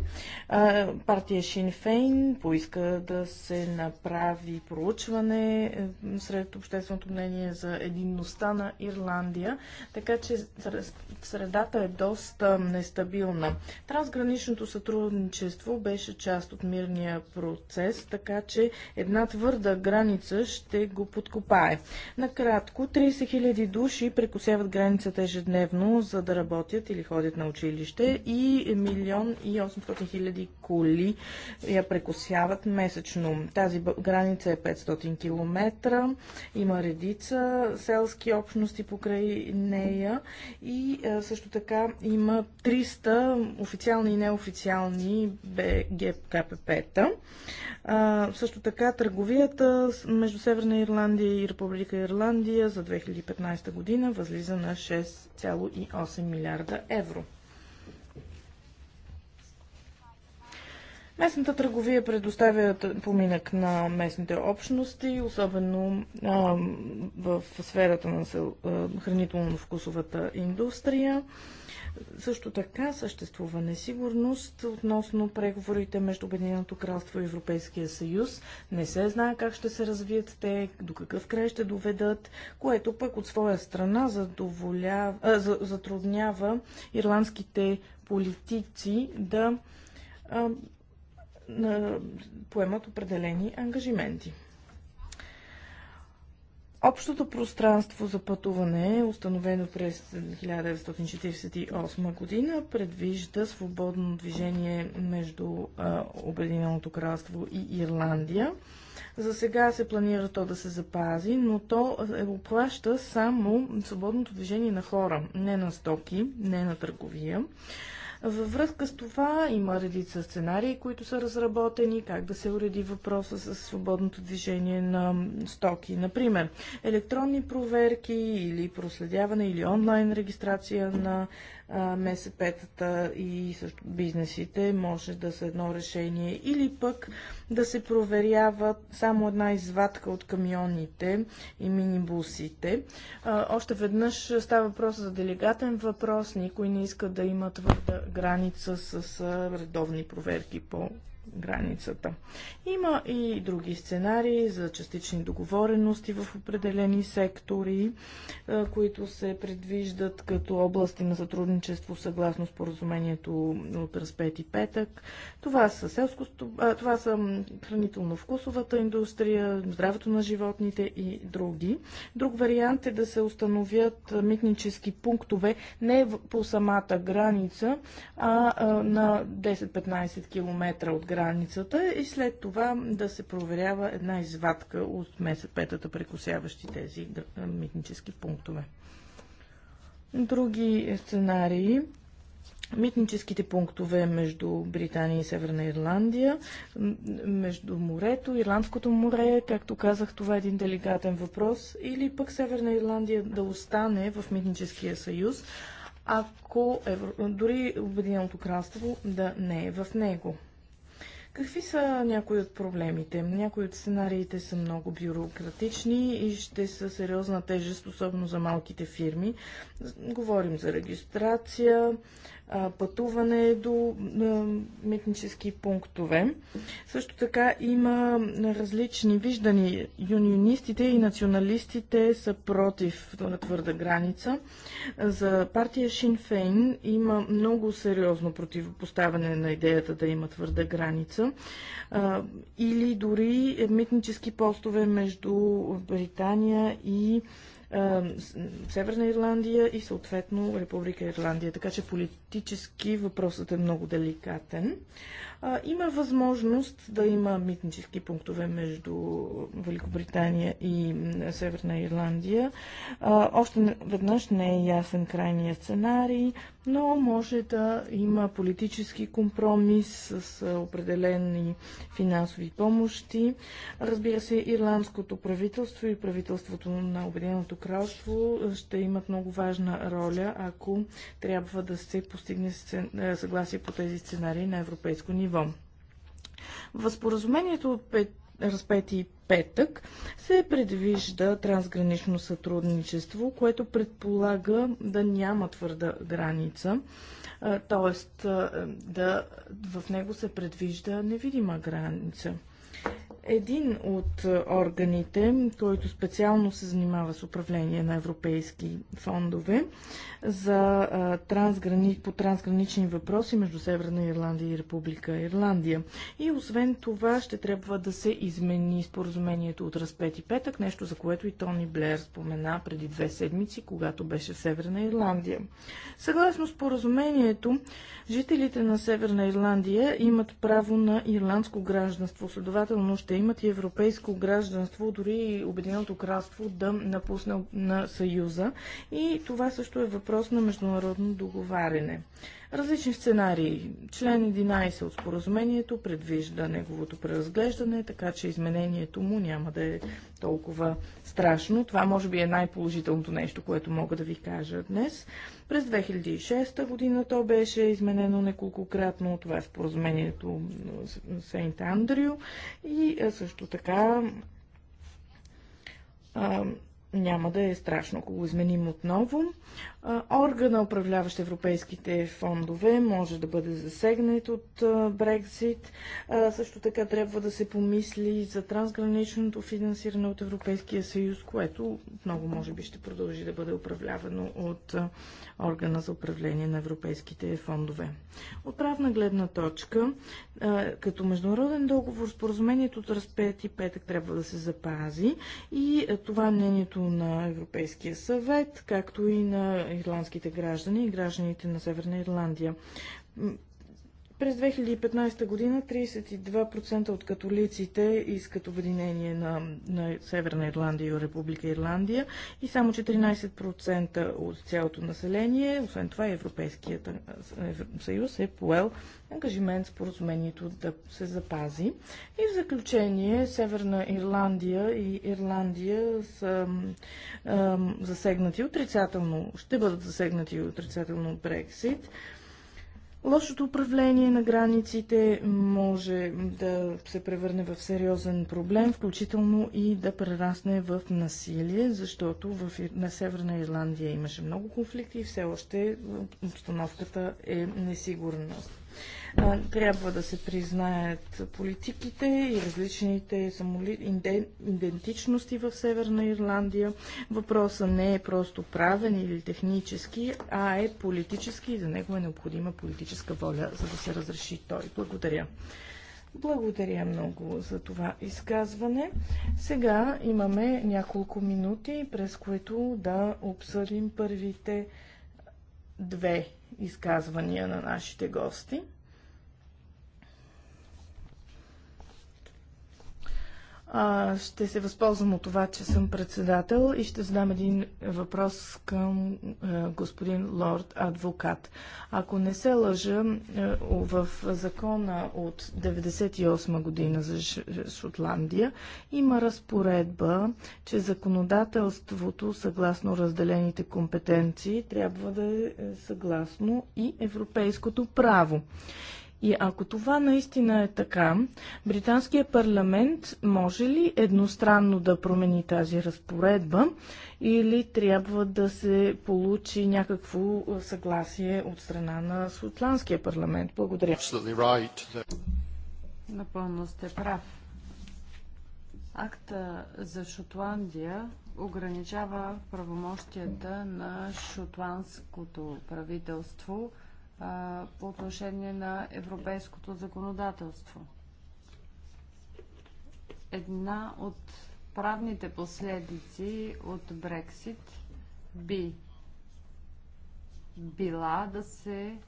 Партия Шинфейн поиска да се направи проучване е, сред общественото мнение за единността на Ирландия така че средата е доста нестабилна. Трансграничното сътрудничество беше част от мирния процес, така че една твърда граница ще го подкопае. Накратко, 30 000 души прекусяват границата ежедневно, за да работят или ходят на училище и милион и 800 000 коли я прекусяват месечно. Тази граница е 500 км. Има редица селски общности покрай нея и е, също така има 300 официални и неофициални бгкпп та Също така търговията между Северна Ирландия и Република Ирландия за 2015 година възлиза на 6,8 милиарда евро. Местната търговия предоставя поминък на местните общности, особено а, в сферата на хранително-вкусовата индустрия. Също така съществува несигурност относно преговорите между Обединеното кралство и Европейския съюз. Не се знае как ще се развият те, до какъв край ще доведат, което пък от своя страна задоволява а, затруднява ирландските политици да поемат определени ангажименти. Общото пространство за пътуване, установено през 1948 година, предвижда свободно движение между Обединеното кралство и Ирландия. За сега се планира то да се запази, но то е, оплаща само свободното движение на хора, не на стоки, не на търговия. Във връзка с това има редица сценарии, които са разработени, как да се уреди въпроса с свободното движение на стоки. Например, електронни проверки или проследяване или онлайн регистрация на МСП-тата и също бизнесите може да са едно решение. Или пък да се проверява само една извадка от камионите и минибусите. Още веднъж става въпрос за делегатен въпрос. Никой не иска да има твърда граница с редовни проверки по границата. Има и други сценарии за частични договорености в определени сектори, е, които се предвиждат като области на сътрудничество съгласно споразумението от разпет и петък. Това са, селско, това са хранително-вкусовата индустрия, здравето на животните и други. Друг вариант е да се установят митнически пунктове не по самата граница, а на 10-15 км от граница границата и след това да се проверява една извадка от МСП-тата, прекусяващи тези митнически пунктове. Други сценарии митническите пунктове между Британия и Северна Ирландия, между морето, Ирландското море, както казах, това е един деликатен въпрос, или пък Северна Ирландия да остане в митническия съюз, ако евро... дори Обединеното кралство да не е в него. Какви са някои от проблемите? Някои от сценариите са много бюрократични и ще са сериозна тежест, особено за малките фирми. Говорим за регистрация, пътуване до митнически пунктове. Също така има различни виждани. Юнионистите и националистите са против твърда граница. За партия Шинфейн има много сериозно противопоставяне на идеята да има твърда граница или дори митнически постове между Британия и Северна Ирландия и съответно Република Ирландия. Така че политически въпросът е много деликатен а, има възможност да има митнически пунктове между Великобритания и Северна Ирландия. А, още веднъж не е ясен крайния сценарий, но може да има политически компромис с определени финансови помощи. Разбира се, ирландското правителство и правителството на Обединеното кралство ще имат много важна роля, ако трябва да се постигне съгласие по тези сценарии на европейско ниво ниво. В споразумението от разпети петък се предвижда трансгранично сътрудничество, което предполага да няма твърда граница, т.е. Да, в него се предвижда невидима граница. Един от органите, който специално се занимава с управление на европейски фондове, за трансграни... по трансгранични въпроси между Северна Ирландия и Република Ирландия. И освен това ще трябва да се измени споразумението от разпет и петък, нещо за което и Тони Блер спомена преди две седмици, когато беше в Северна Ирландия. Съгласно споразумението, жителите на Северна Ирландия имат право на ирландско гражданство, следователно ще имат и европейско гражданство, дори и Обединеното кралство да напусне на Съюза. И това също е въпрос въпрос на международно договаряне. Различни сценарии. Член 11 от споразумението предвижда неговото преразглеждане, така че изменението му няма да е толкова страшно. Това може би е най-положителното нещо, което мога да ви кажа днес. През 2006 година то беше изменено неколкократно. Това е споразумението Сейнт Андрю и също така няма да е страшно, ако го изменим отново. Органа, управляващ европейските фондове, може да бъде засегнат от Брекзит. Също така трябва да се помисли за трансграничното финансиране от Европейския съюз, което много може би ще продължи да бъде управлявано от Органа за управление на европейските фондове. От правна гледна точка, като международен договор, споразумението от разпет и петък трябва да се запази и това е мнението на Европейския съвет, както и на ирландските граждани и гражданите на Северна Ирландия. През 2015 година 32% от католиците искат обединение на, на Северна Ирландия и Република Ирландия и само 14% от цялото население, освен това Европейският съюз е поел ангажимент споразумението да се запази. И в заключение Северна Ирландия и Ирландия са ам, засегнати отрицателно, ще бъдат засегнати отрицателно Брексит. Лошото управление на границите може да се превърне в сериозен проблем, включително и да прерасне в насилие, защото в, на Северна Ирландия имаше много конфликти и все още е, обстановката е несигурна. Трябва да се признаят политиките и различните самоли... идентичности в Северна Ирландия. Въпросът не е просто правен или технически, а е политически и за него е необходима политическа воля, за да се разреши той. Благодаря. Благодаря много за това изказване. Сега имаме няколко минути, през които да обсъдим първите две изказвания на нашите гости. А, ще се възползвам от това, че съм председател и ще задам един въпрос към а, е, господин Лорд Адвокат. Ако не се лъжа, а, е, в закона от 1998 година за Шотландия има разпоредба, че законодателството съгласно разделените компетенции трябва да е, е съгласно и европейското право. И ако това наистина е така, британският парламент може ли едностранно да промени тази разпоредба или трябва да се получи някакво съгласие от страна на Сутландския парламент? Благодаря. Напълно сте прав. Акта за Шотландия ограничава правомощията на шотландското правителство – а, по отношение на европейското законодателство. Една от правните последици от Брексит би била да се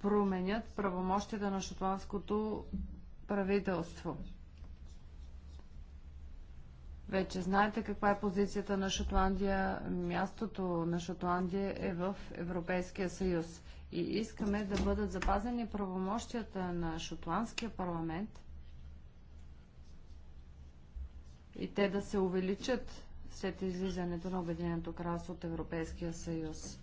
променят правомощията на шотландското правителство. Вече знаете каква е позицията на Шотландия. Мястото на Шотландия е в Европейския съюз. И искаме да бъдат запазени правомощията на Шотландския парламент и те да се увеличат след излизането на Обединеното кралство от Европейския съюз.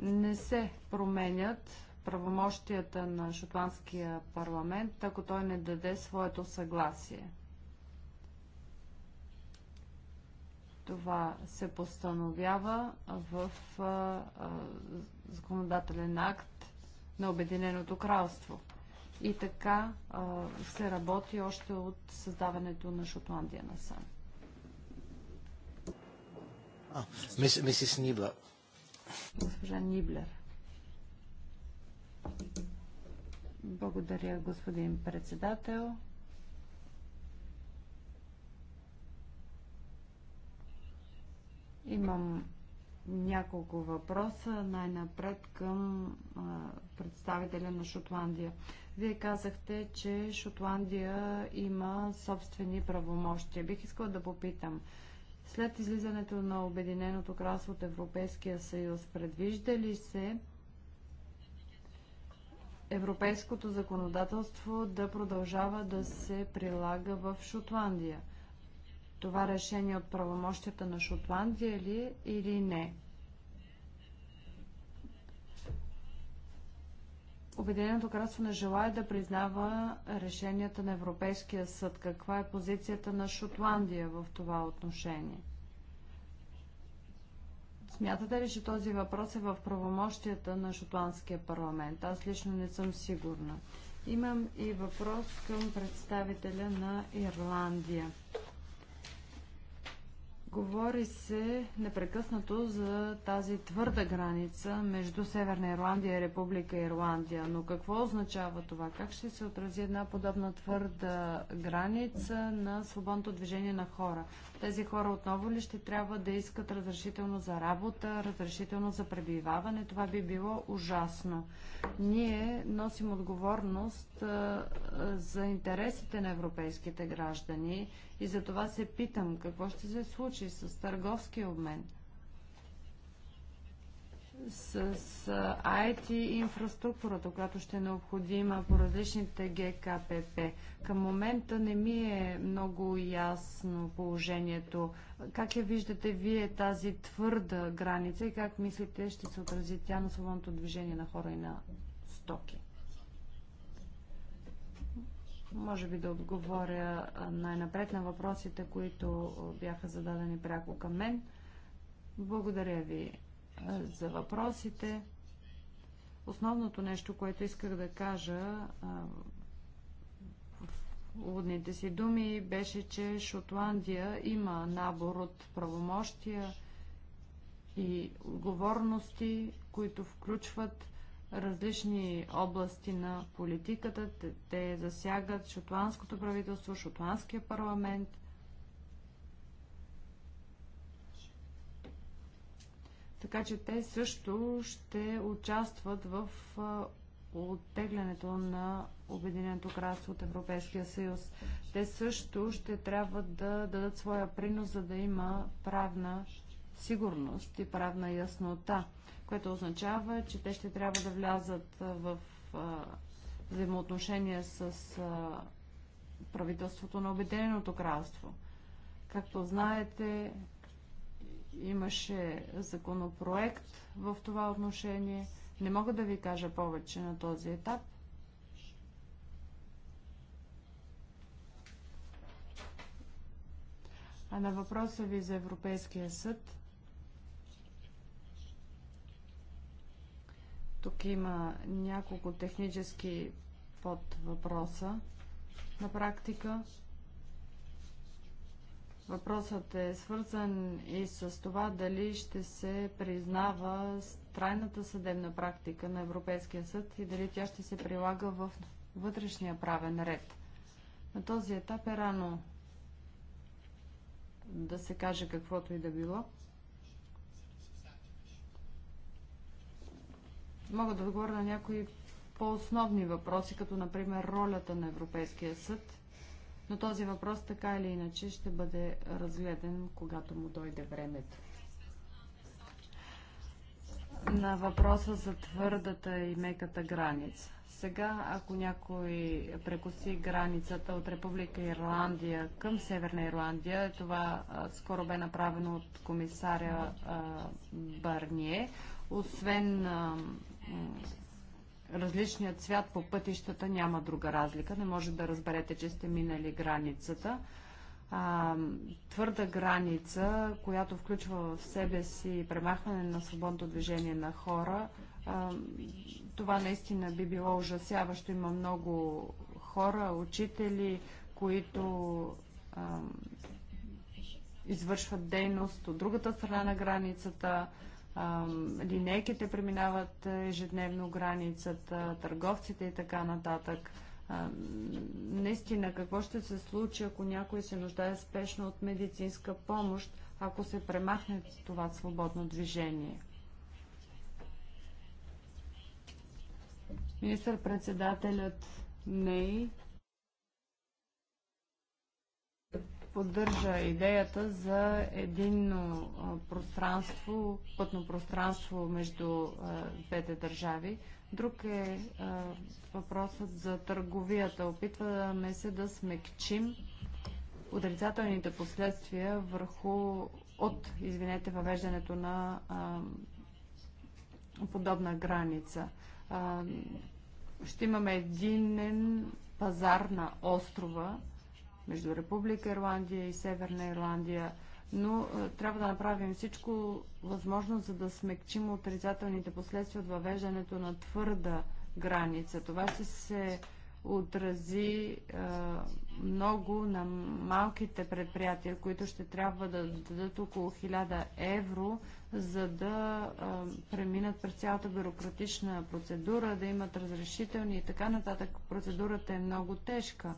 Не се променят правомощията на шотландския парламент, ако той не даде своето съгласие. Това се постановява в а, а, законодателен акт на Обединеното кралство. И така а, се работи още от създаването на Шотландия насам. Мисис Нибла. Госпожа Ниблер. Благодаря, господин председател. Имам няколко въпроса, най-напред към а, представителя на Шотландия. Вие казахте, че Шотландия има собствени правомощия. Бих искала да попитам, след излизането на Обединеното кралство от Европейския съюз, предвижда ли се европейското законодателство да продължава да се прилага в Шотландия. Това решение от правомощията на Шотландия ли е или не? Обединеното кралство не желая да признава решенията на Европейския съд. Каква е позицията на Шотландия в това отношение? Смятате ли, че този въпрос е в правомощията на Шотландския парламент? Аз лично не съм сигурна. Имам и въпрос към представителя на Ирландия. Говори се непрекъснато за тази твърда граница между Северна Ирландия и Република Ирландия. Но какво означава това? Как ще се отрази една подобна твърда граница на свободното движение на хора? Тези хора отново ли ще трябва да искат разрешително за работа, разрешително за пребиваване? Това би било ужасно. Ние носим отговорност за интересите на европейските граждани и за това се питам, какво ще се случи с търговския обмен, с IT инфраструктурата, която ще е необходима по различните ГКПП. Към момента не ми е много ясно положението. Как я виждате вие тази твърда граница и как мислите ще се отрази тя на свободното движение на хора и на стоки? Може би да отговоря най-напред на въпросите, които бяха зададени пряко към мен. Благодаря ви за въпросите. Основното нещо, което исках да кажа уводните си думи беше, че Шотландия има набор от правомощия и отговорности, които включват различни области на политиката. Те, те засягат шотландското правителство, шотландския парламент. Така че те също ще участват в оттеглянето на Обединеното кралство от Европейския съюз. Те също ще трябва да дадат своя принос, за да има правна сигурност и правна яснота което означава, че те ще трябва да влязат в взаимоотношения с правителството на Обединеното кралство. Както знаете, имаше законопроект в това отношение. Не мога да ви кажа повече на този етап. А на въпроса ви за Европейския съд, Тук има няколко технически под въпроса. На практика въпросът е свързан и с това дали ще се признава трайната съдебна практика на Европейския съд и дали тя ще се прилага в вътрешния правен ред. На този етап е рано да се каже каквото и да било. мога да отговоря на някои по-основни въпроси, като например ролята на Европейския съд, но този въпрос така или иначе ще бъде разгледан, когато му дойде времето. На въпроса за твърдата и меката граница. Сега, ако някой прекоси границата от Република Ирландия към Северна Ирландия, това а, скоро бе направено от комисаря а, Барние, освен а, различният цвят по пътищата няма друга разлика. Не може да разберете, че сте минали границата. А, твърда граница, която включва в себе си премахване на свободното движение на хора, а, това наистина би било ужасяващо. Има много хора, учители, които а, извършват дейност от другата страна на границата. А, линейките преминават ежедневно границата, търговците и така нататък. Наистина, какво ще се случи, ако някой се нуждае спешно от медицинска помощ, ако се премахне това свободно движение? Министър-председателят Ней поддържа идеята за единно пространство, пътно пространство между двете държави. Друг е въпросът за търговията. Опитваме се да смекчим отрицателните последствия върху от, извинете, въвеждането на а, подобна граница. А, ще имаме единен пазар на острова, между Република Ирландия и Северна Ирландия, но е, трябва да направим всичко възможно, за да смекчим отрицателните последствия от въвеждането на твърда граница. Това ще се отрази е, много на малките предприятия, които ще трябва да дадат около 1000 евро, за да е, преминат през цялата бюрократична процедура, да имат разрешителни и така нататък. Процедурата е много тежка.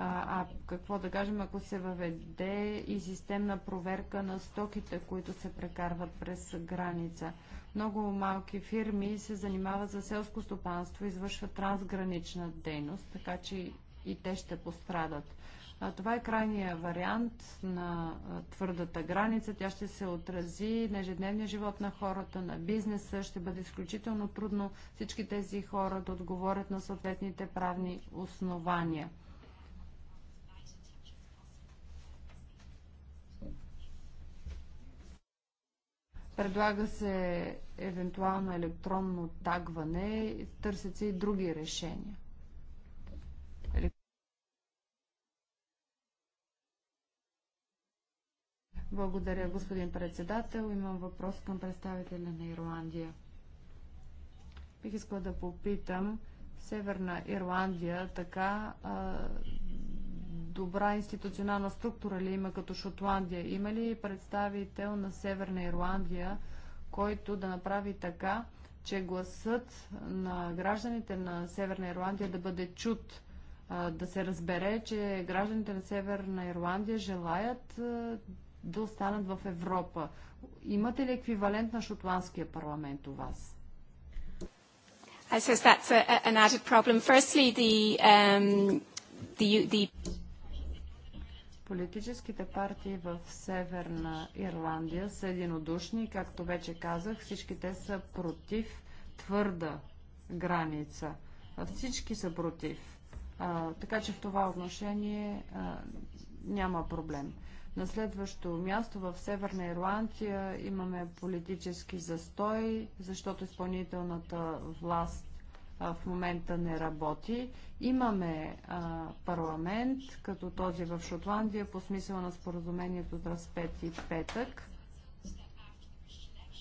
А, а какво да кажем, ако се въведе и системна проверка на стоките, които се прекарват през граница? Много малки фирми се занимават за селско стопанство, извършват трансгранична дейност, така че и те ще пострадат. А, това е крайния вариант на а, твърдата граница. Тя ще се отрази на ежедневния живот на хората, на бизнеса. Ще бъде изключително трудно всички тези хора да отговорят на съответните правни основания. Предлага се евентуално електронно тагване, търсят се и други решения. Благодаря, господин председател. Имам въпрос към представителя на Ирландия. Бих искала да попитам Северна Ирландия така а, добра институционална структура ли има като Шотландия? Има ли представител на Северна Ирландия, който да направи така, че гласът на гражданите на Северна Ирландия да бъде чут? да се разбере, че гражданите на Северна Ирландия желаят да останат в Европа. Имате ли еквивалент на шотландския парламент у вас? I suppose that's a, an added problem. Firstly, the, um, the, the... Политическите партии в Северна Ирландия са единодушни, както вече казах, всички те са против твърда граница. Всички са против. А, така че в това отношение а, няма проблем. На следващо място в Северна Ирландия имаме политически застой, защото изпълнителната власт в момента не работи. Имаме а, парламент, като този в Шотландия, по смисъла на споразумението за спет и петък.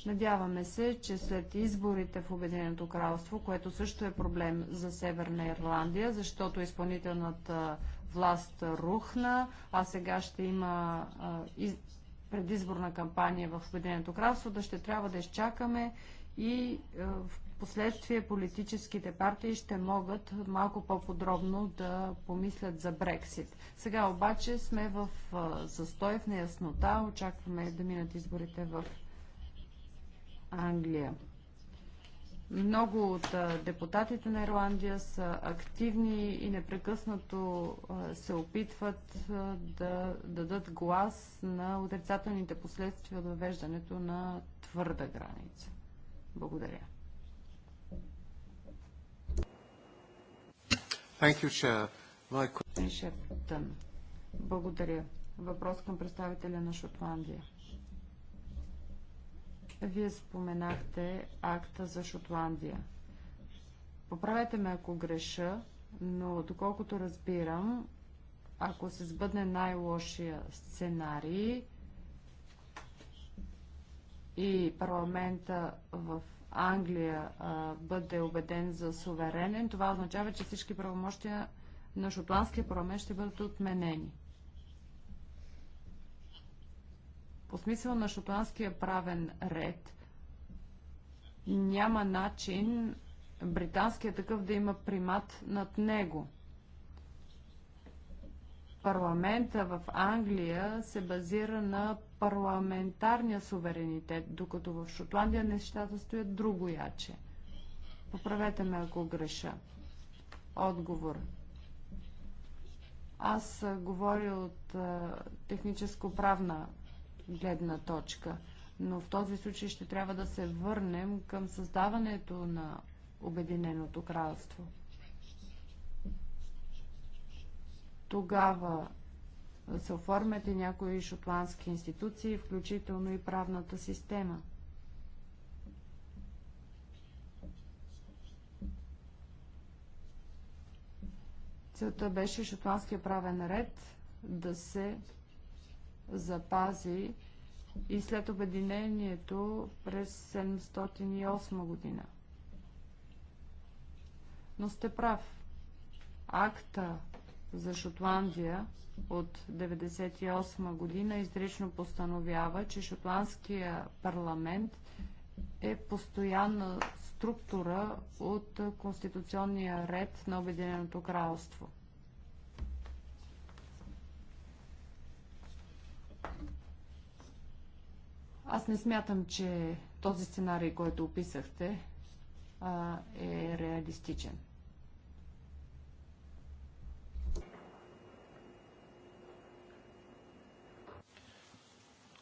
Надяваме се, че след изборите в Обединеното кралство, което също е проблем за Северна Ирландия, защото изпълнителната власт рухна, а сега ще има а, из... предизборна кампания в Обединеното кралство, да ще трябва да изчакаме и а, в последствие политическите партии ще могат малко по-подробно да помислят за Брексит. Сега обаче сме в застой, в неяснота. Очакваме да минат изборите в Англия. Много от депутатите на Ирландия са активни и непрекъснато се опитват да дадат глас на отрицателните последствия от въвеждането на твърда граница. Благодаря. Thank you, Chair. My... Благодаря. Въпрос към представителя на Шотландия. Вие споменахте акта за Шотландия. Поправете ме, ако греша, но доколкото разбирам, ако се сбъдне най-лошия сценарий и парламента в Англия а, бъде убеден за суверенен, това означава, че всички правомощия на шотландския парламент ще бъдат отменени. По смисъл на шотландския правен ред няма начин британският такъв да има примат над него – парламента в Англия се базира на парламентарния суверенитет, докато в Шотландия нещата стоят друго яче. Поправете ме, ако греша. Отговор. Аз говоря от техническо-правна гледна точка, но в този случай ще трябва да се върнем към създаването на Обединеното кралство. Тогава се оформят и някои шотландски институции, включително и правната система. Целта беше шотландския правен ред да се запази и след обединението през 708 година. Но сте прав. Акта за Шотландия от 1998 година изрично постановява, че Шотландския парламент е постоянна структура от конституционния ред на Обединеното кралство. Аз не смятам, че този сценарий, който описахте, е реалистичен.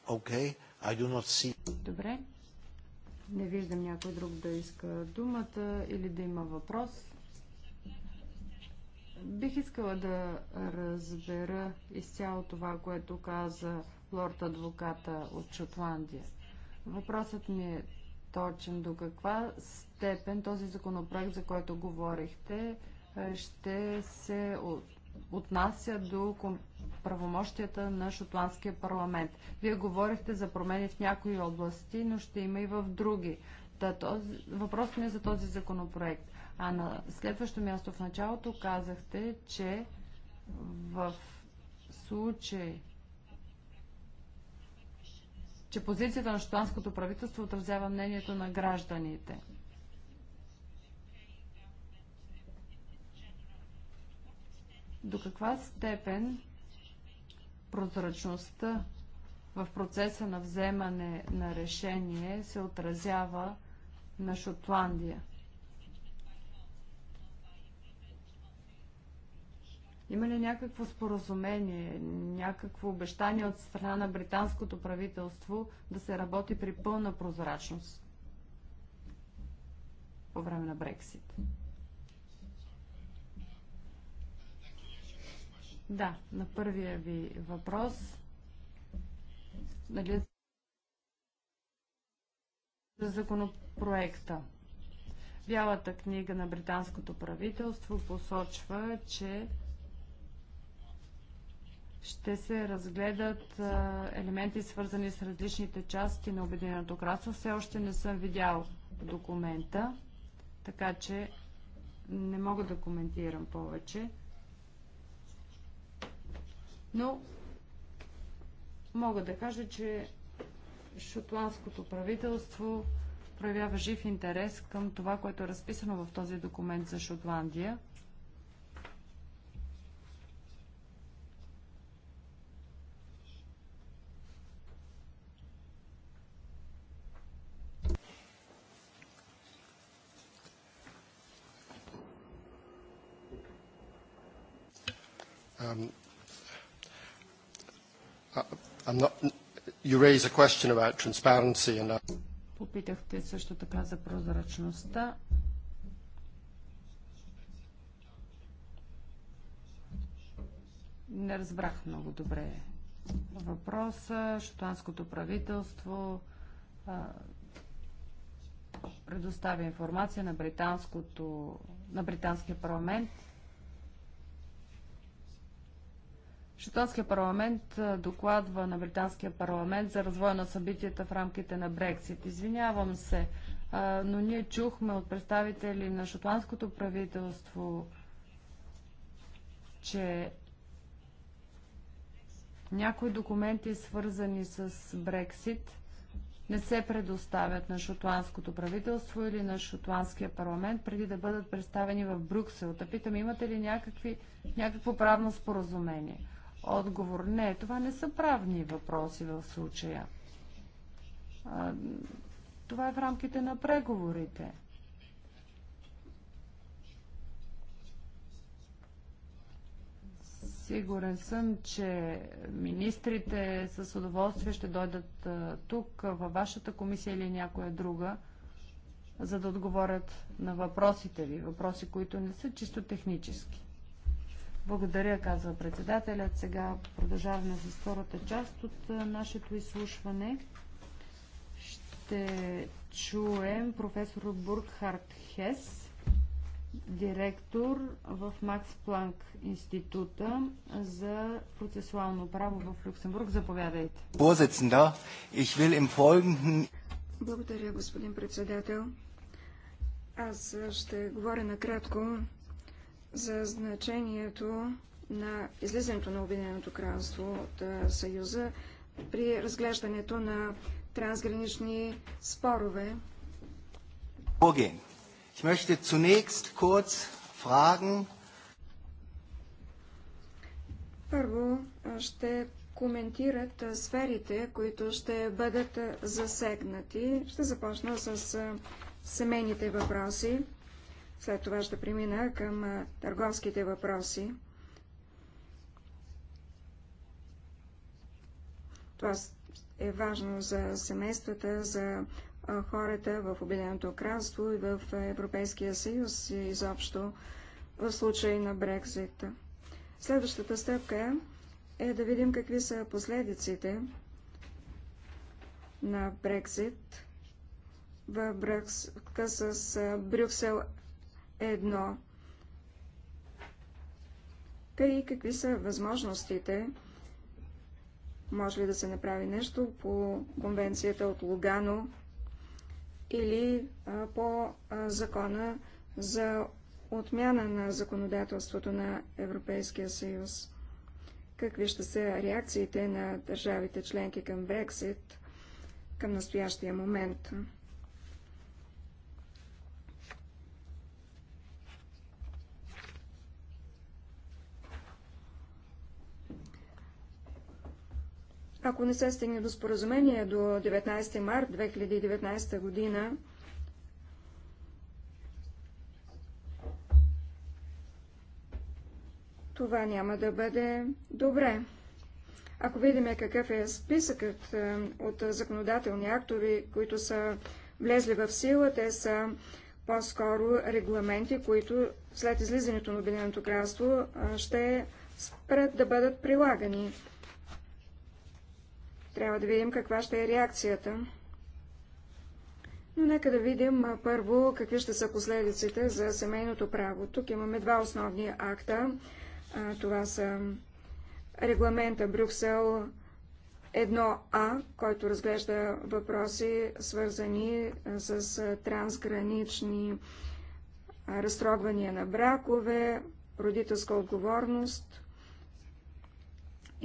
Okay, I do not see. Добре. Не виждам някой друг да иска думата или да има въпрос. Бих искала да разбера изцяло това, което каза лорд адвоката от Шотландия. Въпросът ми е точен до каква степен този законопроект, за който говорихте, ще се отнася до правомощията на шотландския парламент. Вие говорихте за промени в някои области, но ще има и в други. Та, този, въпрос ми е за този законопроект. А на следващо място в началото казахте, че в случай, че позицията на шотландското правителство отразява мнението на гражданите – до каква степен прозрачността в процеса на вземане на решение се отразява на Шотландия. Има ли някакво споразумение, някакво обещание от страна на британското правителство да се работи при пълна прозрачност по време на Брексит? Да, на първия ви въпрос. Нали, за законопроекта. Бялата книга на британското правителство посочва, че ще се разгледат елементи, свързани с различните части на Обединеното кралство. Все още не съм видял документа, така че не мога да коментирам повече. Но мога да кажа, че шотландското правителство проявява жив интерес към това, което е разписано в този документ за Шотландия – raise a question about transparency and... Uh, Попитахте също така за прозрачността. Не разбрах много добре въпроса. Шотландското правителство предоставя информация на, британското, на британския парламент Шотландския парламент докладва на Британския парламент за развоя на събитията в рамките на Брексит. Извинявам се, но ние чухме от представители на шотландското правителство, че някои документи, свързани с Брексит, не се предоставят на шотландското правителство или на шотландския парламент преди да бъдат представени в Брюксел. Да питам, имате ли някакви, някакво правно споразумение? Отговор не. Това не са правни въпроси в случая. Това е в рамките на преговорите. Сигурен съм, че министрите с удоволствие ще дойдат тук, във вашата комисия или някоя друга, за да отговорят на въпросите ви. Въпроси, които не са чисто технически. Благодаря, казва председателят. Сега продължаваме с втората част от нашето изслушване. Ще чуем професор Бургхард Хес, директор в Макс Планк института за процесуално право в Люксембург. Заповядайте. Благодаря, господин председател. Аз ще говоря накратко за значението на излизането на Обединеното кралство от Съюза при разглеждането на трансгранични спорове. Ich möchte zunächst kurz fragen. Първо ще коментират сферите, които ще бъдат засегнати. Ще започна с семейните въпроси. След това ще премина към търговските въпроси. Това е важно за семействата, за хората в Обединеното кралство и в Европейския съюз и изобщо в случай на Брекзит. Следващата стъпка е да видим какви са последиците на Брекзит във връзка с Брюксел едно. Тъй и какви са възможностите? Може ли да се направи нещо по конвенцията от Лугано или по закона за отмяна на законодателството на Европейския съюз? Какви ще са реакциите на държавите членки към Брексит към настоящия момент? Ако не се стигне до споразумение до 19 март 2019 година, това няма да бъде добре. Ако видим какъв е списъкът е, от законодателни актори, които са влезли в сила, те са по-скоро регламенти, които след излизането на Обединеното кралство е, ще спрат да бъдат прилагани. Трябва да видим каква ще е реакцията. Но нека да видим първо какви ще са последиците за семейното право. Тук имаме два основни акта. Това са регламента Брюксел 1А, който разглежда въпроси, свързани с трансгранични разтрогвания на бракове, родителска отговорност.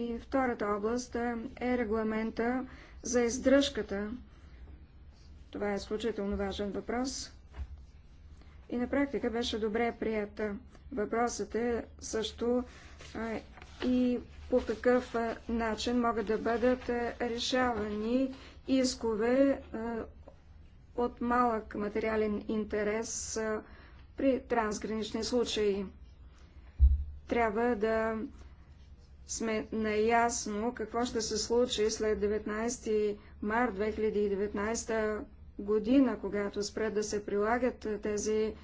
И втората област е, е регламента за издръжката. Това е изключително важен въпрос. И на практика беше добре прията. Въпросът е също и по какъв начин могат да бъдат решавани искове от малък материален интерес при трансгранични случаи. Трябва да сме наясно какво ще се случи след 19 март 2019 година, когато спрят да се прилагат тези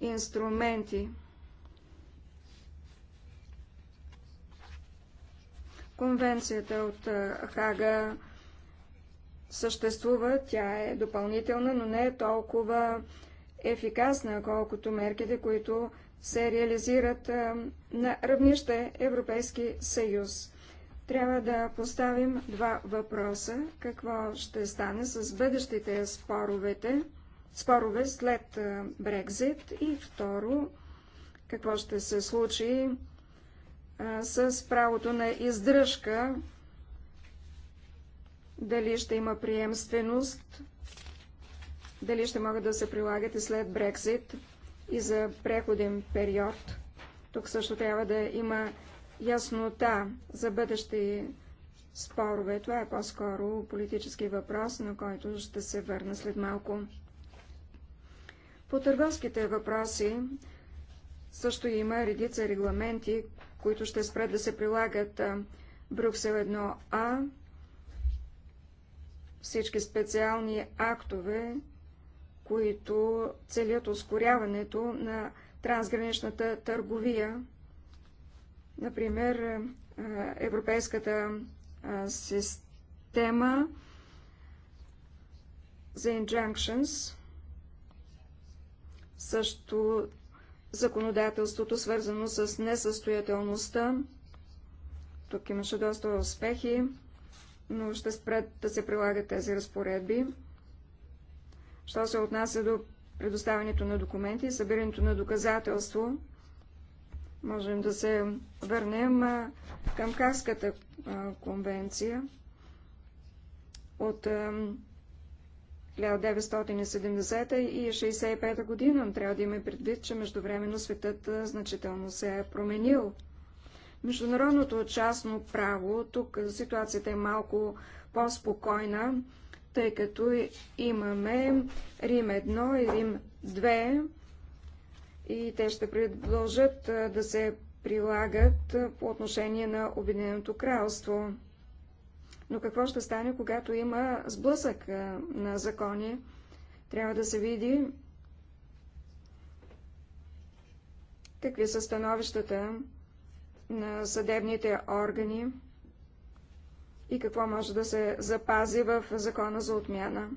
инструменти. Конвенцията от Хага съществува, тя е допълнителна, но не е толкова ефикасна, колкото мерките, които се реализират на равнище Европейски съюз. Трябва да поставим два въпроса. Какво ще стане с бъдещите споровете, спорове след Брекзит? И второ, какво ще се случи а, с правото на издръжка? Дали ще има приемственост? Дали ще могат да се прилагат и след Брекзит? и за преходен период. Тук също трябва да има яснота за бъдещи спорове. Това е по-скоро политически въпрос, на който ще се върна след малко. По търговските въпроси също има редица регламенти, които ще спрат да се прилагат Брюксел 1А, всички специални актове, които целят ускоряването на трансграничната търговия. Например, е, Европейската е, система за injunctions, също законодателството, свързано с несъстоятелността. Тук имаше доста успехи, но ще спрат да се прилагат тези разпоредби. Що се отнася до предоставянето на документи и събирането на доказателство, можем да се върнем към Карската конвенция от 1970 и 1965 е година. Трябва да има предвид, че междувременно светът значително се е променил. Международното частно право, тук ситуацията е малко по-спокойна, тъй като имаме Рим 1 и Рим 2 и те ще предложат да се прилагат по отношение на Обединеното кралство. Но какво ще стане, когато има сблъсък на закони? Трябва да се види какви са становищата на съдебните органи и какво може да се запази в закона за отмяна.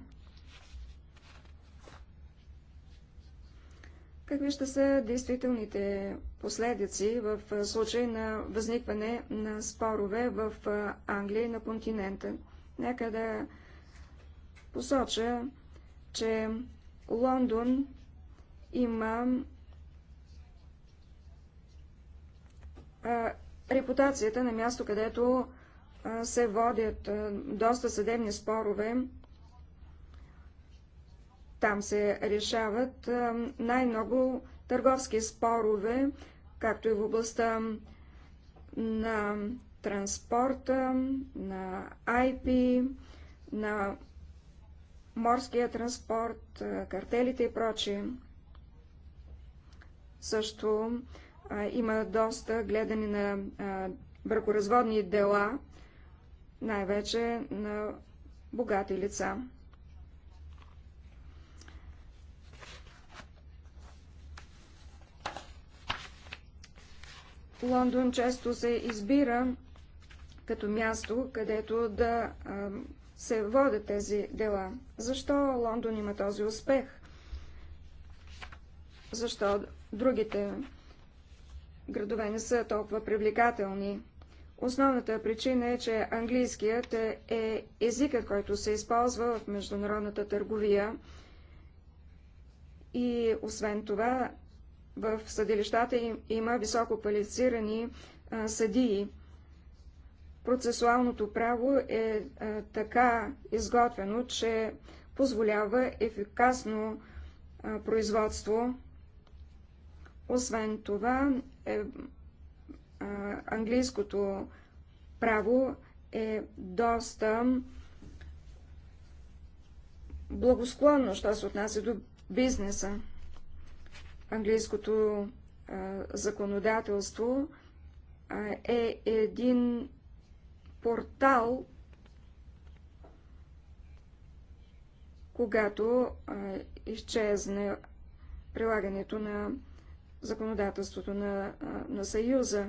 Какви ще са действителните последици в случай на възникване на спорове в Англия и на континента? Нека да посоча, че Лондон има репутацията на място, където се водят доста съдебни спорове. Там се решават най-много търговски спорове, както и в областта на транспорта, на IP, на морския транспорт, картелите и прочие. Също а, има доста гледане на а, бракоразводни дела най-вече на богати лица. Лондон често се избира като място, където да а, се водят тези дела. Защо Лондон има този успех? Защо другите градове не са толкова привлекателни? Основната причина е, че английският е езикът, който се използва в международната търговия. И освен това, в съдилищата има високо квалифицирани съдии. Процесуалното право е а, така изготвено, че позволява ефикасно а, производство. Освен това, е английското право е доста благосклонно, що се отнася до бизнеса. Английското законодателство е един портал, когато изчезне прилагането на законодателството на, на Съюза.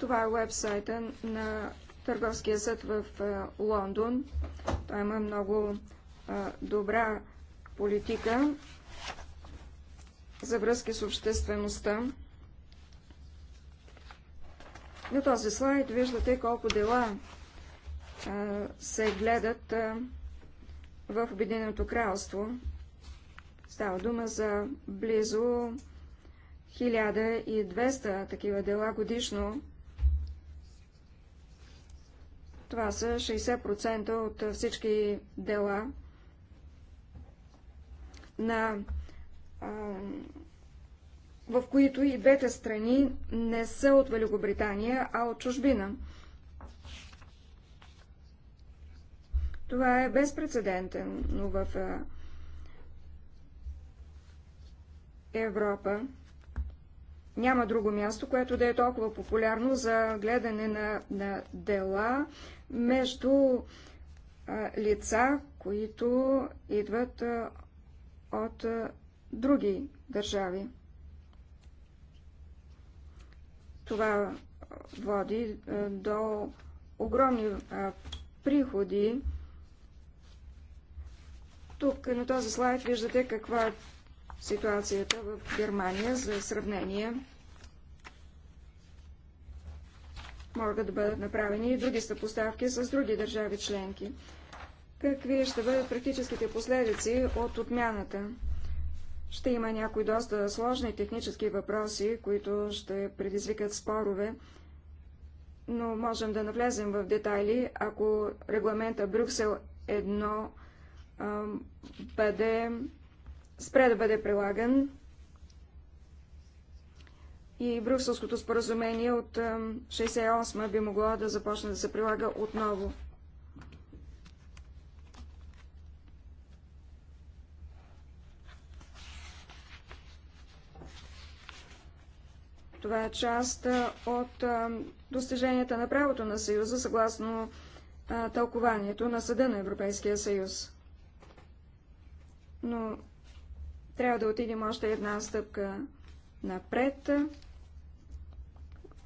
Това е вебсайта на Търговския съд в Лондон. Той има много добра политика за връзки с обществеността. На този слайд виждате колко дела се гледат в Обединеното кралство. Става дума за близо 1200 такива дела годишно. Това са 60% от всички дела на в които и двете страни не са от Великобритания, а от чужбина. Това е безпредседентен, но в Европа. Няма друго място, което да е толкова популярно за гледане на, на дела между а, лица, които идват а, от а, други държави. Това води а, до огромни а, приходи. Тук на този слайд виждате каква е ситуацията в Германия за сравнение. Могат да бъдат направени и други съпоставки с други държави членки. Какви ще бъдат практическите последици от отмяната? Ще има някои доста сложни технически въпроси, които ще предизвикат спорове, но можем да навлезем в детайли, ако регламента Брюксел 1 бъде спре да бъде прилаган и Брюкселското споразумение от 68 би могло да започне да се прилага отново. Това е част от достиженията на правото на Съюза, съгласно тълкованието на Съда на Европейския съюз. Но трябва да отидем още една стъпка напред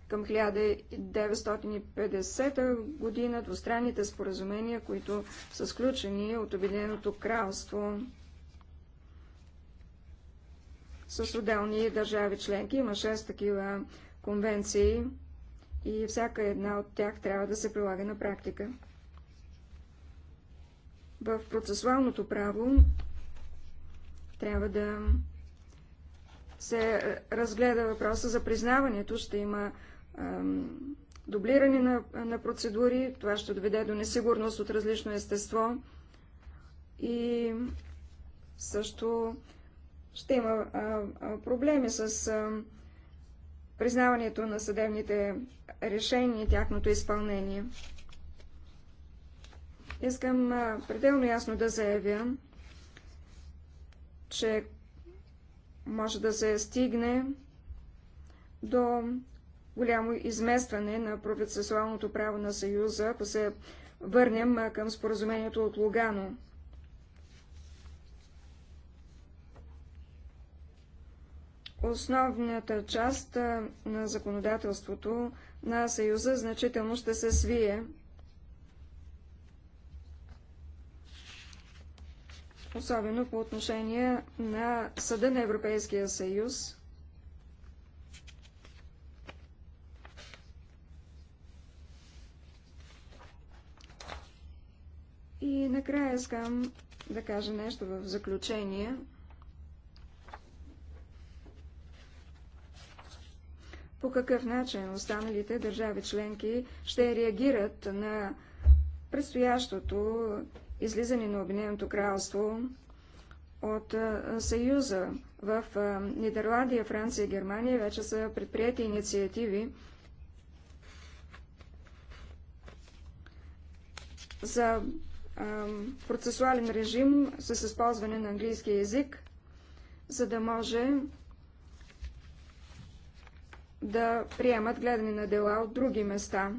към 1950 година двустранните споразумения, които са сключени от Обединеното кралство с отделни държави членки. Има 6 такива конвенции и всяка една от тях трябва да се прилага на практика. В процесуалното право трябва да се разгледа въпроса за признаването. Ще има ам, дублиране на, на процедури. Това ще доведе до несигурност от различно естество. И също ще има а, а, проблеми с а, признаването на съдебните решения и тяхното изпълнение. Искам пределно ясно да заявя, че може да се стигне до голямо изместване на процесуалното право на Съюза, ако се върнем към споразумението от Лугано. Основната част на законодателството на Съюза значително ще се свие особено по отношение на Съда на Европейския съюз. И накрая искам да кажа нещо в заключение. По какъв начин останалите държави членки ще реагират на предстоящото излизане на Обединеното кралство от Съюза. В Нидерландия, Франция и Германия вече са предприяти инициативи за процесуален режим с използване на английски язик, за да може да приемат гледане на дела от други места.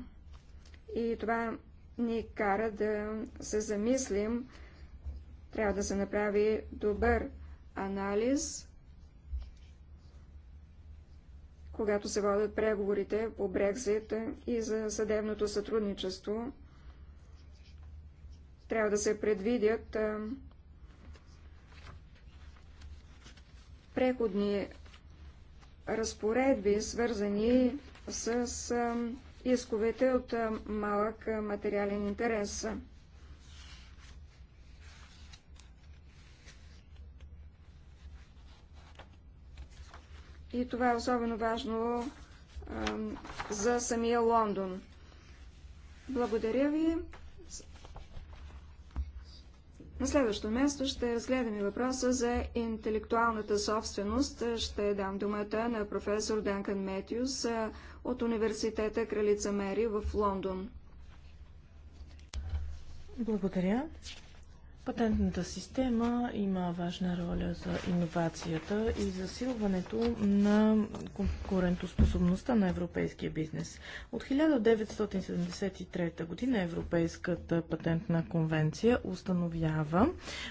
И това ни кара да се замислим, трябва да се направи добър анализ, когато се водят преговорите по Брекзит и за съдебното сътрудничество. Трябва да се предвидят преходни разпоредби, свързани с исковете от малък материален интерес. И това е особено важно а, за самия Лондон. Благодаря ви. На следващо място ще разгледаме въпроса за интелектуалната собственост. Ще дам думата на професор Данкан Метюс, от университета Кралица Мери в Лондон. Благодаря. Патентната система има важна роля за иновацията и засилването на конкурентоспособността на европейския бизнес. От 1973 година Европейската патентна конвенция установява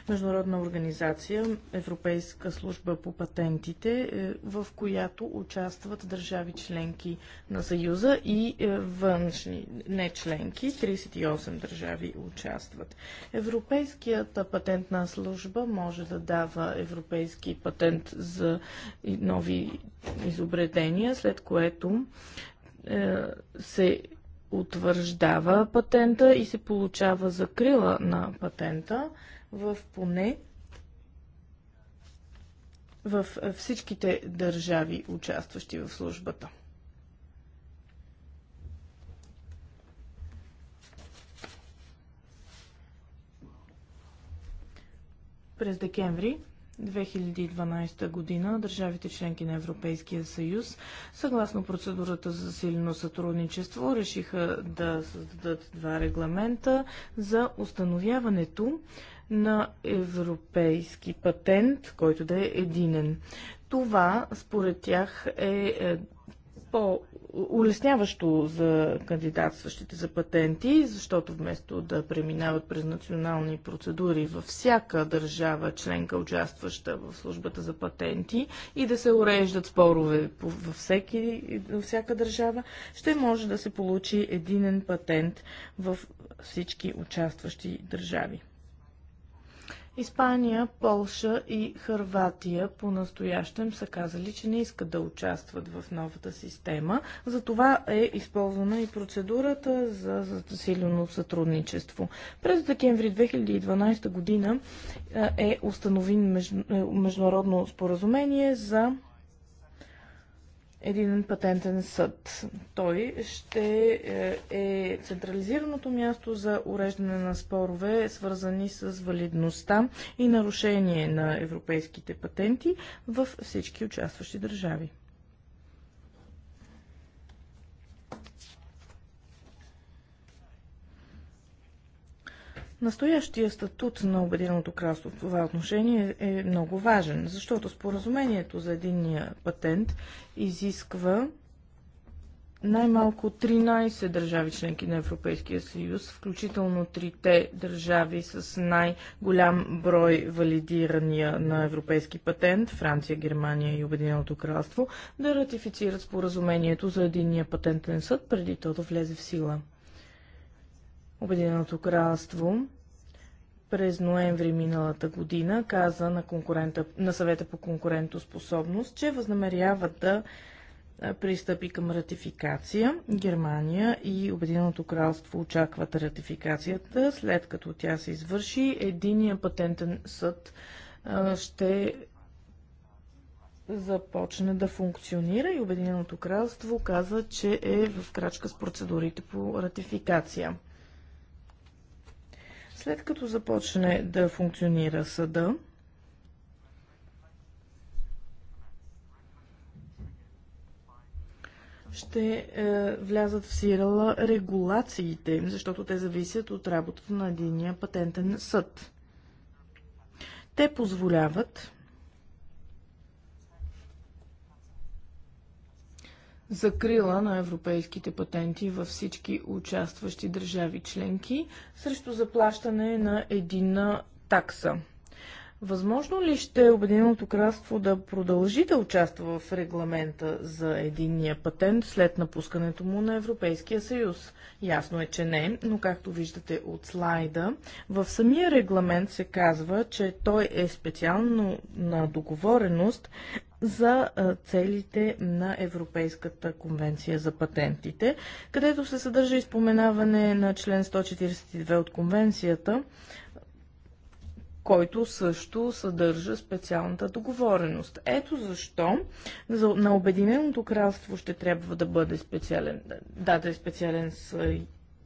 Международна организация Европейска служба по патентите, е, в която участват държави членки на Съюза и е, външни не членки. 38 държави участват. Европейският Европейската патентна служба може да дава европейски патент за нови изобретения, след което е, се утвърждава патента и се получава закрила на патента в поне в е, всичките държави, участващи в службата. През декември 2012 година държавите членки на Европейския съюз, съгласно процедурата за силено сътрудничество, решиха да създадат два регламента за установяването на европейски патент, който да е единен. Това, според тях, е, е по-улесняващо за кандидатстващите за патенти, защото вместо да преминават през национални процедури във всяка държава членка, участваща в службата за патенти и да се уреждат спорове във, всеки, във всяка държава, ще може да се получи единен патент в всички участващи държави. Испания, Полша и Хърватия по-настоящем са казали, че не искат да участват в новата система. Затова е използвана и процедурата за засилено сътрудничество. През декември 2012 година е установен международно споразумение за един патентен съд. Той ще е, е централизираното място за уреждане на спорове, свързани с валидността и нарушение на европейските патенти във всички участващи държави. Настоящия статут на Обединеното кралство в това отношение е много важен, защото споразумението за единния патент изисква най-малко 13 държави членки на Европейския съюз, включително трите държави с най-голям брой валидирания на европейски патент Франция, Германия и Обединеното кралство да ратифицират споразумението за единния патентен съд преди то да влезе в сила. Обединеното кралство през ноември миналата година каза на, конкурента, на съвета по конкурентоспособност, че възнамерява да пристъпи към ратификация. Германия и Обединеното кралство очакват ратификацията. След като тя се извърши, единия патентен съд ще започне да функционира и Обединеното кралство каза, че е в крачка с процедурите по ратификация. След като започне да функционира съда, ще е, влязат в сирала регулациите защото те зависят от работата на единия патентен съд. Те позволяват закрила на европейските патенти във всички участващи държави членки срещу заплащане на единна такса. Възможно ли ще Обединеното кралство да продължи да участва в регламента за единния патент след напускането му на Европейския съюз? Ясно е, че не, но както виждате от слайда, в самия регламент се казва, че той е специално на договореност за целите на Европейската конвенция за патентите, където се съдържа изпоменаване на член 142 от конвенцията, който също съдържа специалната договореност. Ето защо на Обединеното кралство ще трябва да бъде специален, даде специален е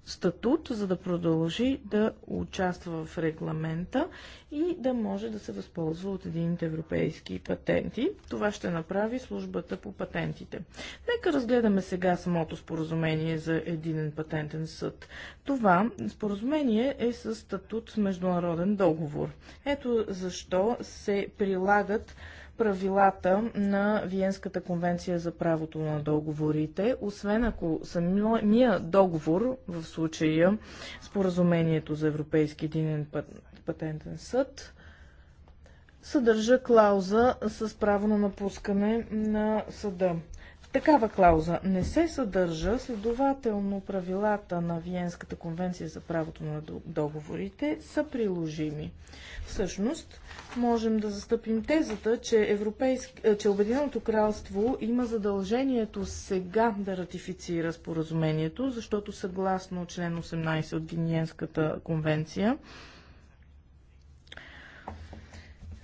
статут, за да продължи да участва в регламента и да може да се възползва от едините европейски патенти. Това ще направи службата по патентите. Нека разгледаме сега самото споразумение за единен патентен съд. Това споразумение е с статут с международен договор. Ето защо се прилагат правилата на Виенската конвенция за правото на договорите, освен ако самия договор, в случая споразумението за Европейски единен патентен съд, съдържа клауза с право на напускане на съда. Такава клауза не се съдържа, следователно правилата на Виенската конвенция за правото на договорите са приложими. Всъщност, можем да застъпим тезата, че, Европейск... Е, че Обединеното кралство има задължението сега да ратифицира споразумението, защото съгласно член 18 от Виенската конвенция,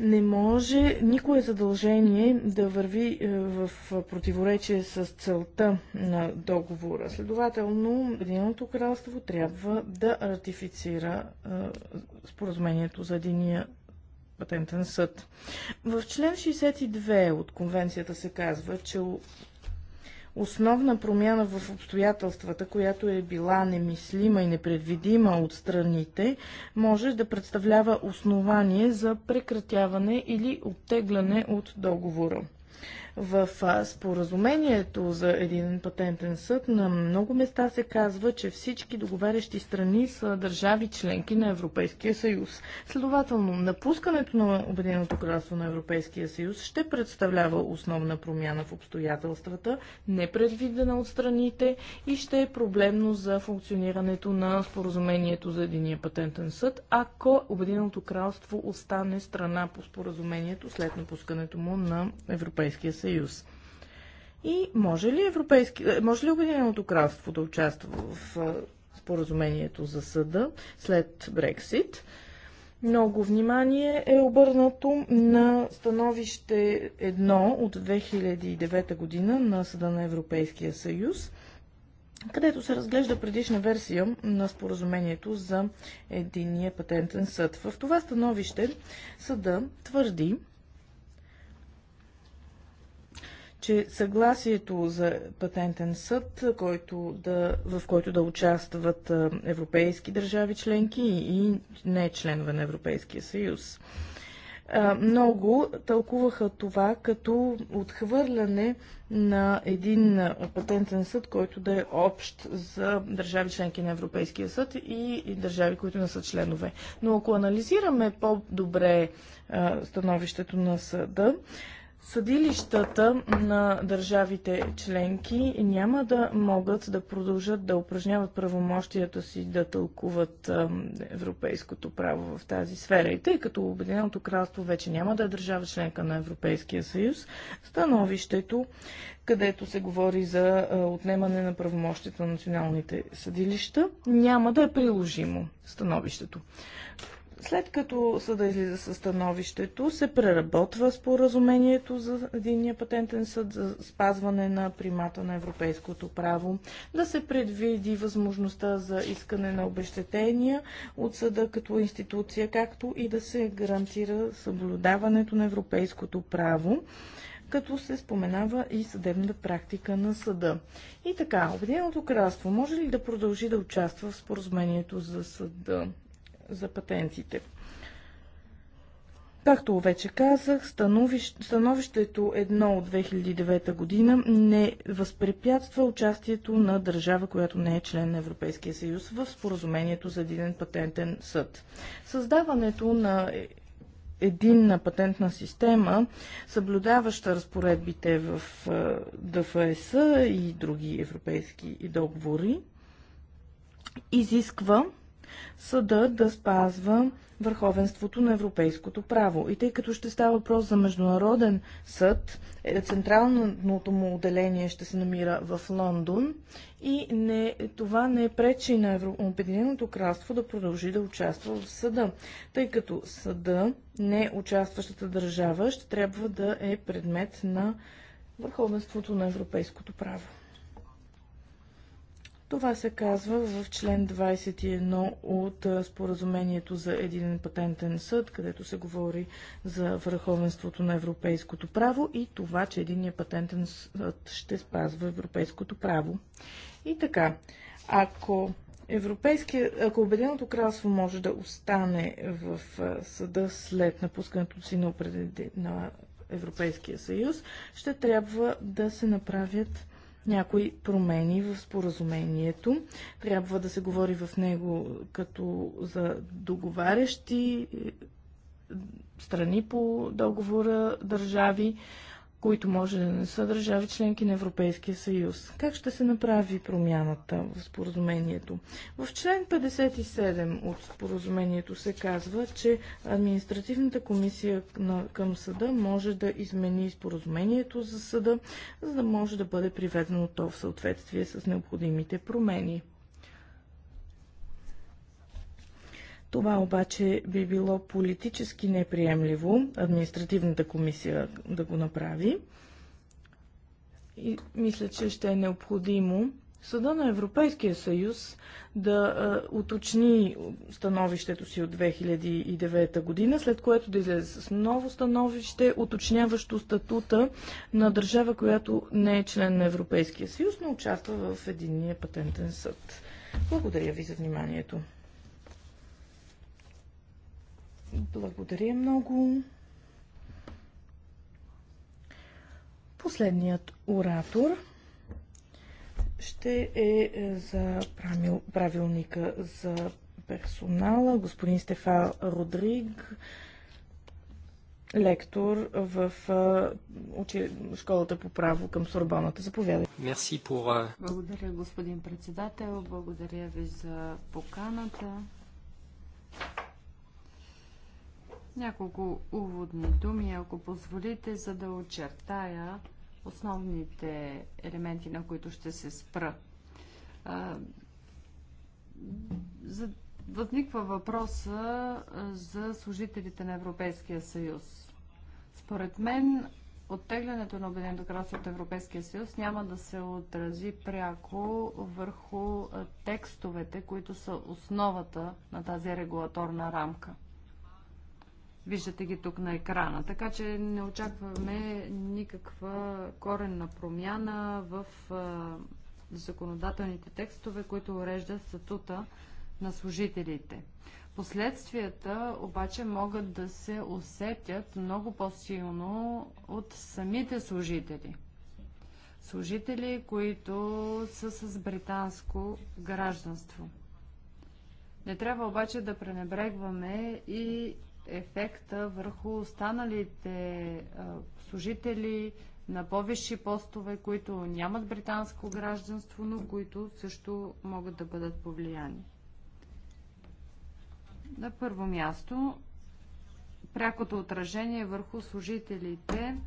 не може никое задължение да върви е, в противоречие с целта на договора. Следователно, Единеното кралство трябва да ратифицира е, споразумението за единия патентен съд. В член 62 от конвенцията се казва, че Основна промяна в обстоятелствата, която е била немислима и непредвидима от страните, може да представлява основание за прекратяване или оттегляне от договора. В споразумението за един патентен съд на много места се казва, че всички договарящи страни са държави членки на Европейския съюз. Следователно, напускането на Обединеното кралство на Европейския съюз ще представлява основна промяна в обстоятелствата, непредвидена от страните и ще е проблемно за функционирането на споразумението за единия патентен съд, ако Обединеното кралство остане страна по споразумението след напускането му на Европейския съюз съюз. И може ли, европейски, е, може ли Обединеното кралство да участва в споразумението за съда след Брексит? Много внимание е обърнато на становище 1 от 2009 година на Съда на Европейския съюз, където се разглежда предишна версия на споразумението за единия патентен съд. В това становище съда твърди, че съгласието за патентен съд, който да, в който да участват европейски държави членки и не членове на Европейския съюз. Много тълкуваха това като отхвърляне на един патентен съд, който да е общ за държави членки на Европейския съд и държави, които не са членове. Но ако анализираме по-добре становището на съда, Съдилищата на държавите членки няма да могат да продължат да упражняват правомощията си да тълкуват европейското право в тази сфера. И тъй като Обединеното кралство вече няма да е държава членка на Европейския съюз, становището, където се говори за отнемане на правомощията на националните съдилища, няма да е приложимо становището. След като съда излиза със становището, се преработва споразумението за единния патентен съд за спазване на примата на европейското право, да се предвиди възможността за искане на обещетения от съда като институция, както и да се гарантира съблюдаването на европейското право като се споменава и съдебната практика на съда. И така, Обединеното кралство може ли да продължи да участва в споразумението за съда за патентите. Както вече казах, становището едно от 2009 година не възпрепятства участието на държава, която не е член на Европейския съюз в споразумението за един патентен съд. Създаването на е, единна патентна система, съблюдаваща разпоредбите в е, ДФС и други европейски договори, изисква съда да спазва върховенството на европейското право. И тъй като ще става въпрос за международен съд, е, централното му отделение ще се намира в Лондон и не, това не е пречи на Обединеното кралство да продължи да участва в съда, тъй като съда, не участващата държава, ще трябва да е предмет на върховенството на европейското право. Това се казва в член 21 от споразумението за един патентен съд, където се говори за върховенството на европейското право и това, че единният патентен съд ще спазва европейското право. И така, ако Европейския, ако Обединеното кралство може да остане в съда след напускането си на, определен, на Европейския съюз, ще трябва да се направят някои промени в споразумението. Трябва да се говори в него като за договарящи е, страни по договора държави които може да не са държави членки на Европейския съюз. Как ще се направи промяната в споразумението? В член 57 от споразумението се казва, че административната комисия към съда може да измени споразумението за съда, за да може да бъде приведено то в съответствие с необходимите промени. Това обаче би било политически неприемливо административната комисия да го направи. И мисля, че ще е необходимо Съда на Европейския съюз да а, уточни становището си от 2009 година, след което да излезе с ново становище, уточняващо статута на държава, която не е член на Европейския съюз, но участва в единния патентен съд. Благодаря ви за вниманието. Благодаря много. Последният оратор ще е, е за правил, правилника за персонала, господин Стефан Родриг, лектор в е, учи... школата по право към Сорбоната. Заповядайте. pour... Благодаря, господин председател. Благодаря ви за поканата. Няколко уводни думи, ако позволите, за да очертая основните елементи, на които ще се спра. за, възниква въпроса за служителите на Европейския съюз. Според мен, оттеглянето на Обединеното кралство от Европейския съюз няма да се отрази пряко върху текстовете, които са основата на тази регулаторна рамка – Виждате ги тук на екрана. Така че не очакваме никаква коренна промяна в законодателните текстове, които уреждат статута на служителите. Последствията обаче могат да се усетят много по-силно от самите служители. Служители, които са с британско гражданство. Не трябва обаче да пренебрегваме и ефекта върху останалите служители на по постове, които нямат британско гражданство, но които също могат да бъдат повлияни. На първо място, прякото отражение върху служителите –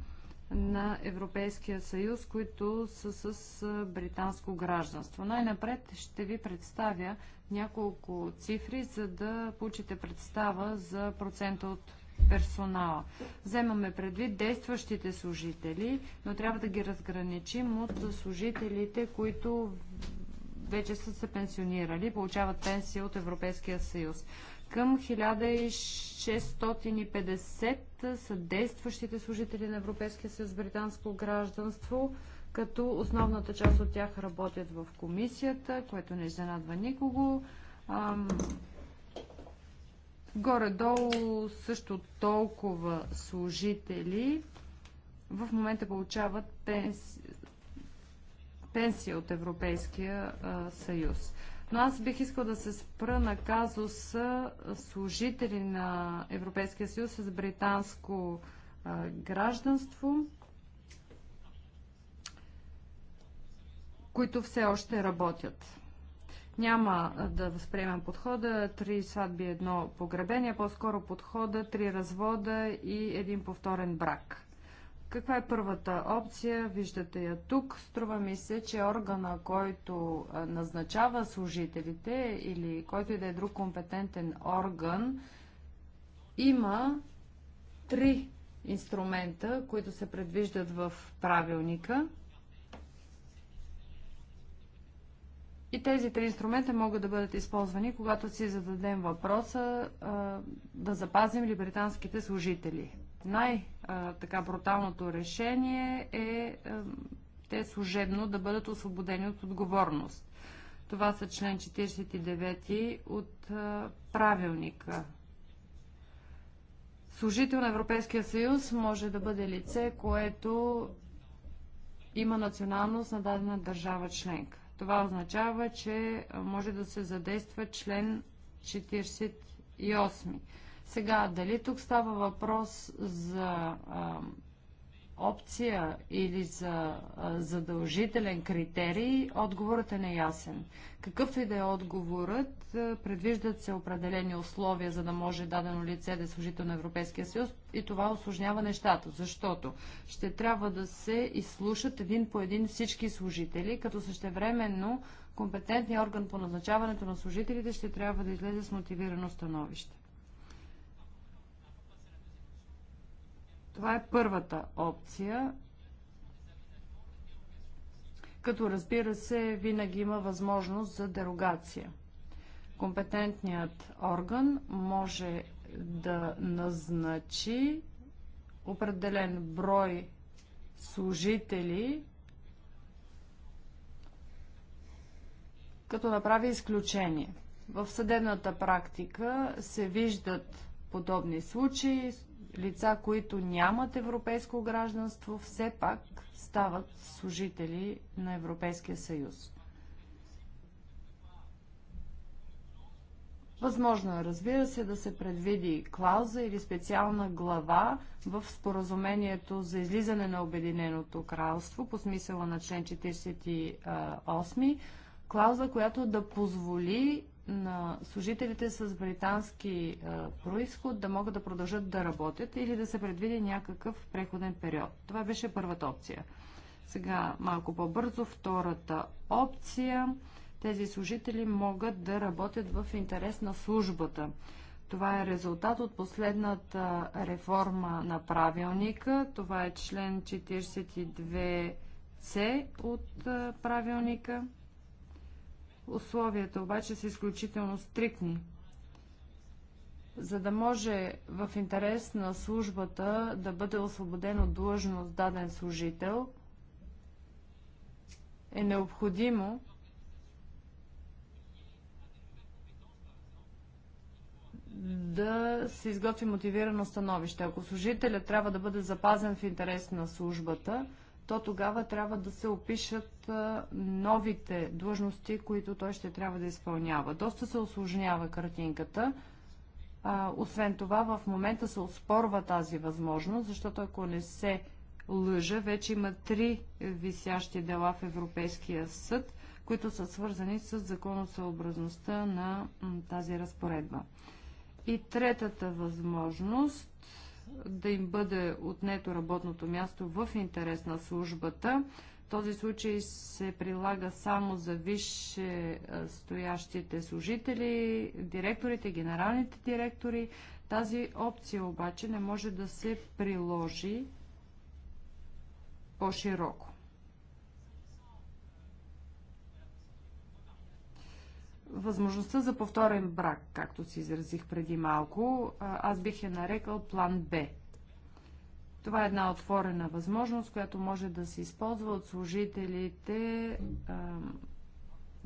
на Европейския съюз, които са с британско гражданство. Най-напред ще ви представя няколко цифри, за да получите представа за процента от персонала. Вземаме предвид действащите служители, но трябва да ги разграничим от служителите, които вече са се пенсионирали, получават пенсия от Европейския съюз към 1650 са действащите служители на Европейския съюз британско гражданство, като основната част от тях работят в комисията, което не изненадва никого. Ам... Горе-долу също толкова служители в момента получават пенс... пенсия от Европейския а, съюз. Но аз бих искал да се спра на казус служители на Европейския съюз с британско гражданство, които все още работят. Няма да възприемам подхода три сватби, едно погребение, по-скоро подхода три развода и един повторен брак. Каква е първата опция? Виждате я тук. Струва ми се, че органа, който назначава служителите или който и да е друг компетентен орган, има три инструмента, които се предвиждат в правилника. И тези три инструмента могат да бъдат използвани, когато си зададем въпроса да запазим ли британските служители. Най-така бруталното решение е, е те служебно да бъдат освободени от отговорност. Това са член 49 от правилника. Служител на Европейския съюз може да бъде лице, което има националност на дадена държава членка. Това означава, че може да се задейства член 48. Сега, дали тук става въпрос за а, опция или за а, задължителен критерий, отговорът е неясен. Какъв и да е отговорът, предвиждат се определени условия, за да може дадено лице да е служител на Европейския съюз и това осложнява нещата, защото ще трябва да се изслушат един по един всички служители, като същевременно компетентният орган по назначаването на служителите ще трябва да излезе с мотивирано становище. Това е първата опция. Като разбира се, винаги има възможност за дерогация. Компетентният орган може да назначи определен брой служители, като направи изключение. В съдебната практика се виждат подобни случаи лица, които нямат европейско гражданство, все пак стават служители на Европейския съюз. Възможно е, разбира се, да се предвиди клауза или специална глава в споразумението за излизане на Обединеното кралство по смисъла на член 48, клауза, която да позволи на служителите с британски а, е, происход да могат да продължат да работят или да се предвиди някакъв преходен период. Това беше първата опция. Сега малко по-бързо втората опция. Тези служители могат да работят в интерес на службата. Това е резултат от последната реформа на правилника. Това е член 42C от е, правилника. Условията обаче са изключително стрикни. За да може в интерес на службата да бъде освободен от длъжност даден служител, е необходимо да се изготви мотивирано становище. Ако служителят трябва да бъде запазен в интерес на службата, то тогава трябва да се опишат новите длъжности, които той ще трябва да изпълнява. Доста се осложнява картинката. А, освен това, в момента се оспорва тази възможност, защото ако не се лъжа, вече има три висящи дела в Европейския съд, които са свързани с законосъобразността на тази разпоредба. И третата възможност да им бъде отнето работното място в интерес на службата. Този случай се прилага само за висше стоящите служители, директорите, генералните директори. Тази опция обаче не може да се приложи по-широко. възможността за повторен брак, както си изразих преди малко, аз бих я нарекал план Б. Това е една отворена възможност, която може да се използва от служителите а,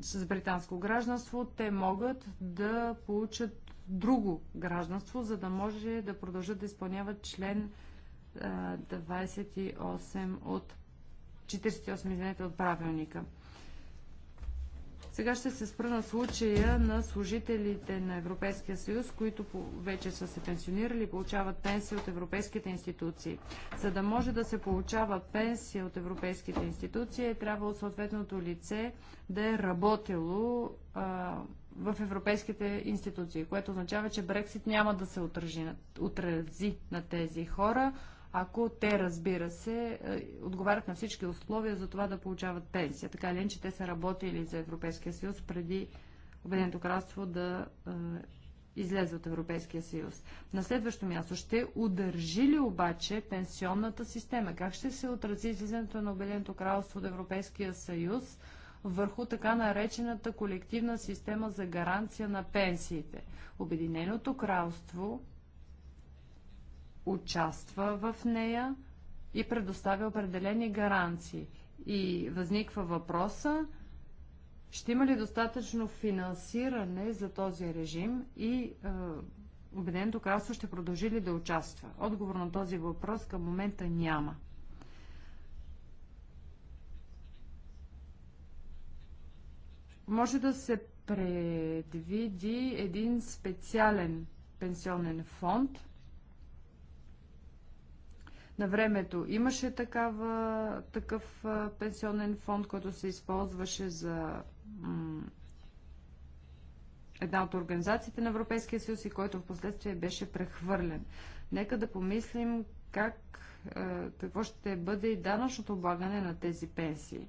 с британско гражданство. Те могат да получат друго гражданство, за да може да продължат да изпълняват член а, 28 от 48, извинете, от правилника. Сега ще се спра на случая на служителите на Европейския съюз, които вече са се пенсионирали и получават пенсии от европейските институции. За да може да се получава пенсия от европейските институции, е трябвало съответното лице да е работило а, в европейските институции, което означава, че Брексит няма да се отрази, отрази на тези хора ако те, разбира се, е, отговарят на всички условия за това да получават пенсия. Така ли, че те са работили за Европейския съюз преди Обединеното кралство да е, излезе от Европейския съюз. На следващо място, ще удържи ли обаче пенсионната система? Как ще се отрази излизането на Обединеното кралство от Европейския съюз върху така наречената колективна система за гаранция на пенсиите? Обединеното кралство участва в нея и предоставя определени гаранции. И възниква въпроса, ще има ли достатъчно финансиране за този режим и е, Обединеното кралство ще продължи ли да участва? Отговор на този въпрос към момента няма. Може да се предвиди един специален пенсионен фонд – на времето имаше такава, такъв пенсионен фонд, който се използваше за една от организациите на Европейския съюз и който в последствие беше прехвърлен. Нека да помислим как, какво ще бъде и данъчното облагане на тези пенсии.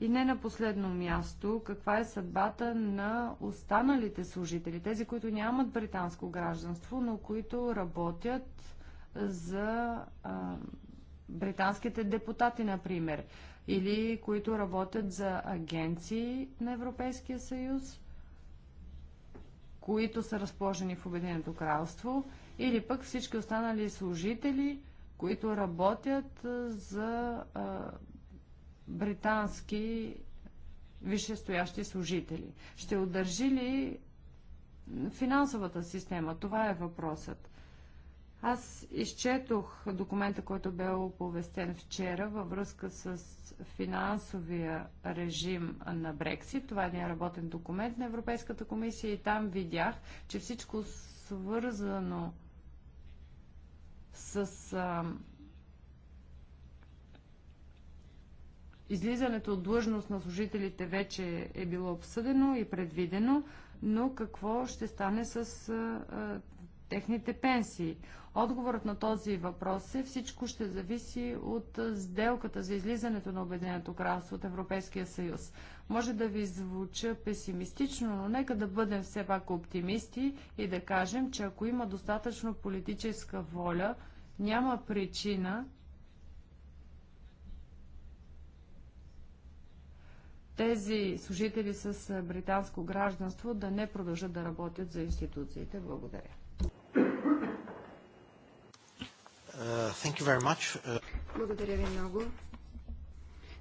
И не на последно място, каква е съдбата на останалите служители, тези, които нямат британско гражданство, но които работят за а, британските депутати, например, или които работят за агенции на Европейския съюз, които са разположени в Обединеното кралство, или пък всички останали служители, които работят за а, британски висшестоящи служители. Ще удържи ли финансовата система? Това е въпросът. Аз изчетох документа, който бе оповестен вчера във връзка с финансовия режим на Брексит. Това е един работен документ на Европейската комисия и там видях, че всичко свързано с а, излизането от длъжност на служителите вече е било обсъдено и предвидено, но какво ще стане с а, техните пенсии? Отговорът на този въпрос е всичко ще зависи от сделката за излизането на Обединеното кралство от Европейския съюз. Може да ви звуча песимистично, но нека да бъдем все пак оптимисти и да кажем, че ако има достатъчно политическа воля, няма причина тези служители с британско гражданство да не продължат да работят за институциите. Благодаря. Uh, uh, Благодаря ви много.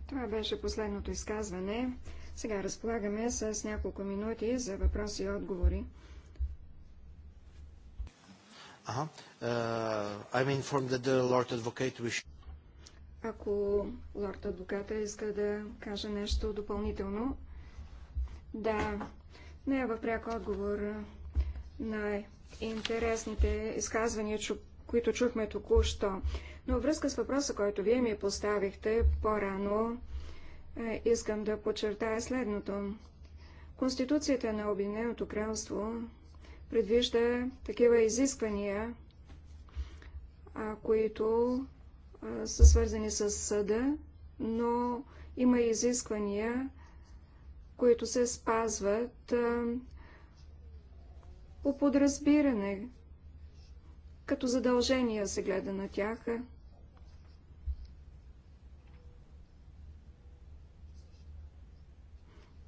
Това беше последното изказване. Сега разполагаме с няколко минути за въпроси и отговори. Uh, Ако лорд адвоката иска да каже нещо допълнително, да, не е в пряк отговор на интересните изказвания, които чухме току-що. Но връзка с въпроса, който вие ми поставихте по-рано, е, искам да подчертая следното. Конституцията на Обединеното кралство предвижда такива изисквания, които са свързани с съда, но има изисквания, които се спазват по подразбиране, като задължение се гледа на тях.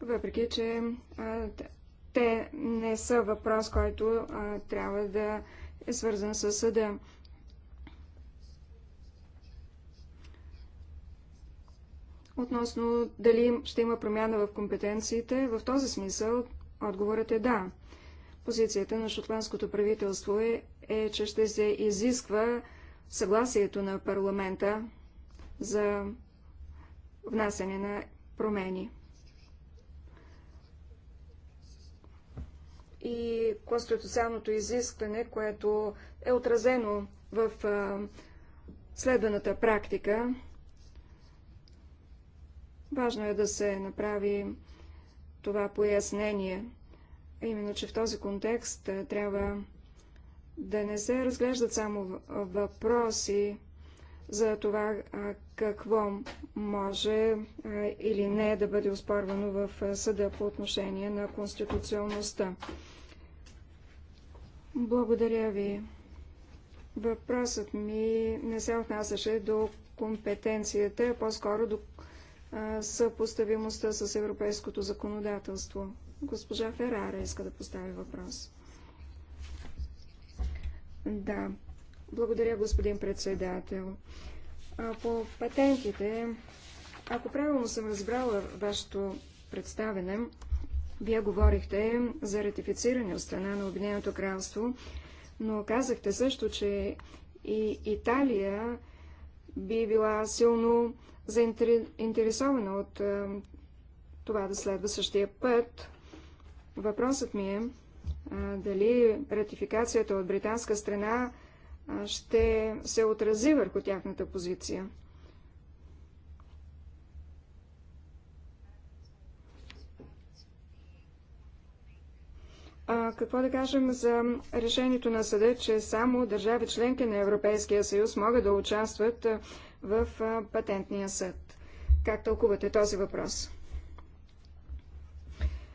Въпреки, че а, те не са въпрос, който а, трябва да е свързан с съда. Относно дали ще има промяна в компетенциите, в този смисъл отговорът е да. Позицията на шотландското правителство е, е че ще се изисква съгласието на парламента за внасяне на промени. И конституционното изискване, което е отразено в следваната практика, важно е да се направи това пояснение – именно, че в този контекст трябва да не се разглеждат само въпроси за това какво може или не да бъде оспорвано в съда по отношение на конституционността. Благодаря ви. Въпросът ми не се отнасяше до компетенцията, а по-скоро до съпоставимостта с европейското законодателство. Госпожа Ферара иска да постави въпрос. Да. Благодаря, господин председател. По патентите, ако правилно съм разбрала вашето представене, вие говорихте за ратифициране от страна на Обединеното кралство, но казахте също, че и Италия би била силно заинтересована от това да следва същия път, Въпросът ми е дали ратификацията от британска страна ще се отрази върху тяхната позиция. А, какво да кажем за решението на съда, че само държави членки на Европейския съюз могат да участват в патентния съд? Как тълкувате този въпрос?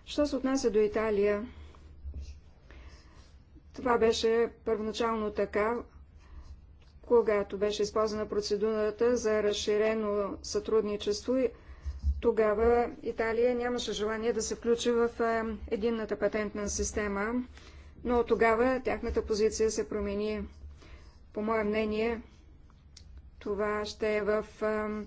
Що се отнася до Италия, това беше първоначално така, когато беше използвана процедурата за разширено сътрудничество, тогава Италия нямаше желание да се включи в е, единната патентна система, но тогава тяхната позиция се промени. По мое мнение, това ще е в е,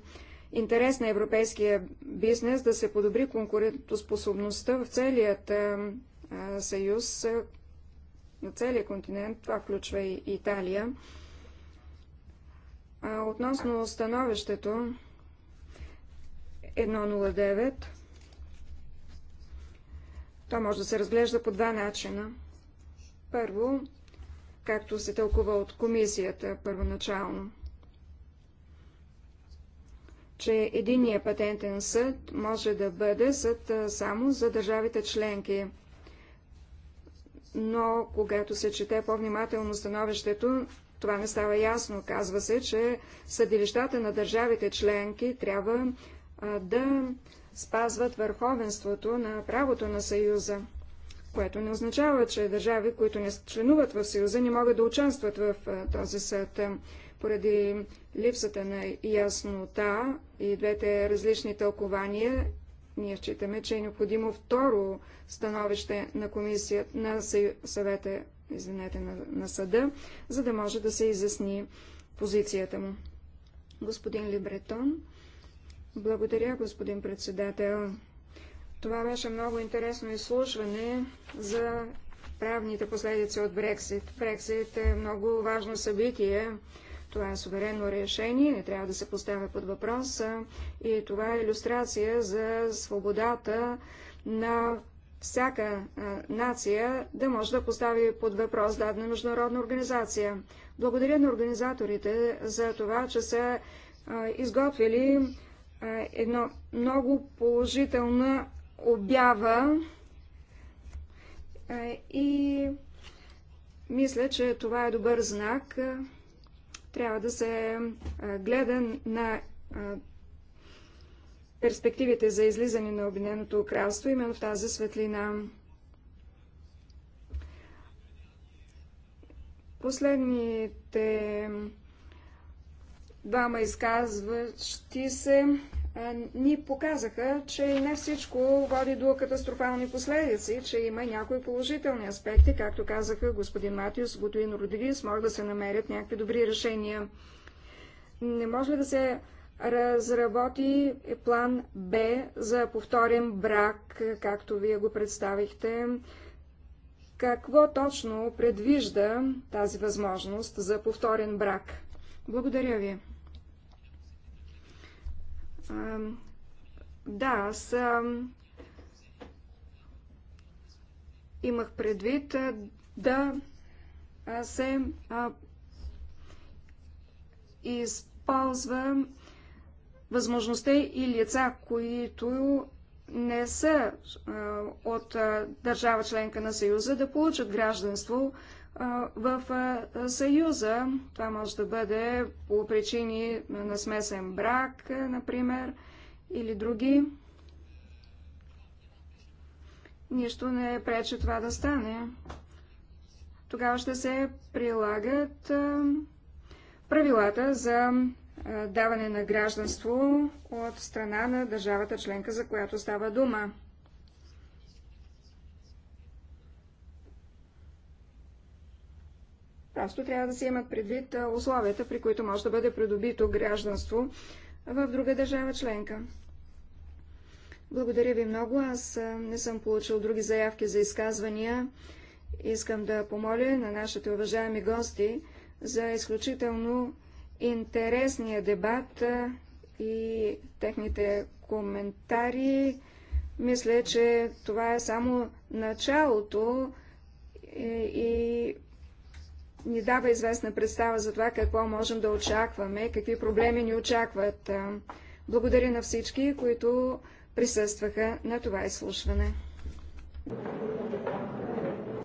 интерес на европейския бизнес да се подобри конкурентоспособността в целият е, е, съюз, е, на целия континент, това включва и Италия. Относно становището 109, то може да се разглежда по два начина. Първо, както се тълкува от комисията първоначално – че единният патентен съд може да бъде съд само за държавите членки. Но когато се чете по-внимателно становището, това не става ясно. Казва се, че съдилищата на държавите членки трябва да спазват върховенството на правото на Съюза, което не означава, че държави, които не членуват в Съюза, не могат да участват в този съд. Поради липсата на яснота и двете различни тълкования, ние считаме, че е необходимо второ становище на комисията, на съвета, извинете, на, на съда, за да може да се изясни позицията му. Господин Либретон, благодаря, господин председател. Това беше много интересно изслушване за правните последици от Брексит. Брексит е много важно събитие това е суверенно решение, не трябва да се поставя под въпрос и това е иллюстрация за свободата на всяка нация да може да постави под въпрос дадена международна организация. Благодаря на организаторите за това, че са изготвили едно много положителна обява и мисля, че това е добър знак трябва да се гледа на перспективите за излизане на Обединеното кралство именно в тази светлина. Последните двама изказващи се ни показаха, че не всичко води до катастрофални последици, че има някои положителни аспекти, както казаха господин Матиус, господин Родригес, могат да се намерят някакви добри решения. Не може ли да се разработи план Б за повторен брак, както вие го представихте? Какво точно предвижда тази възможност за повторен брак? Благодаря ви. Да, аз имах предвид да се използва възможността и лица, които не са от държава членка на Съюза, да получат гражданство в Съюза. Това може да бъде по причини на смесен брак, например, или други. Нищо не пречи това да стане. Тогава ще се прилагат правилата за даване на гражданство от страна на държавата членка, за която става дума. Просто трябва да се имат предвид условията, при които може да бъде придобито гражданство в друга държава членка. Благодаря ви много. Аз не съм получил други заявки за изказвания. Искам да помоля на нашите уважаеми гости за изключително интересния дебат и техните коментари. Мисля, че това е само началото и ни дава известна представа за това какво можем да очакваме, какви проблеми ни очакват. Благодаря на всички, които присъстваха на това изслушване.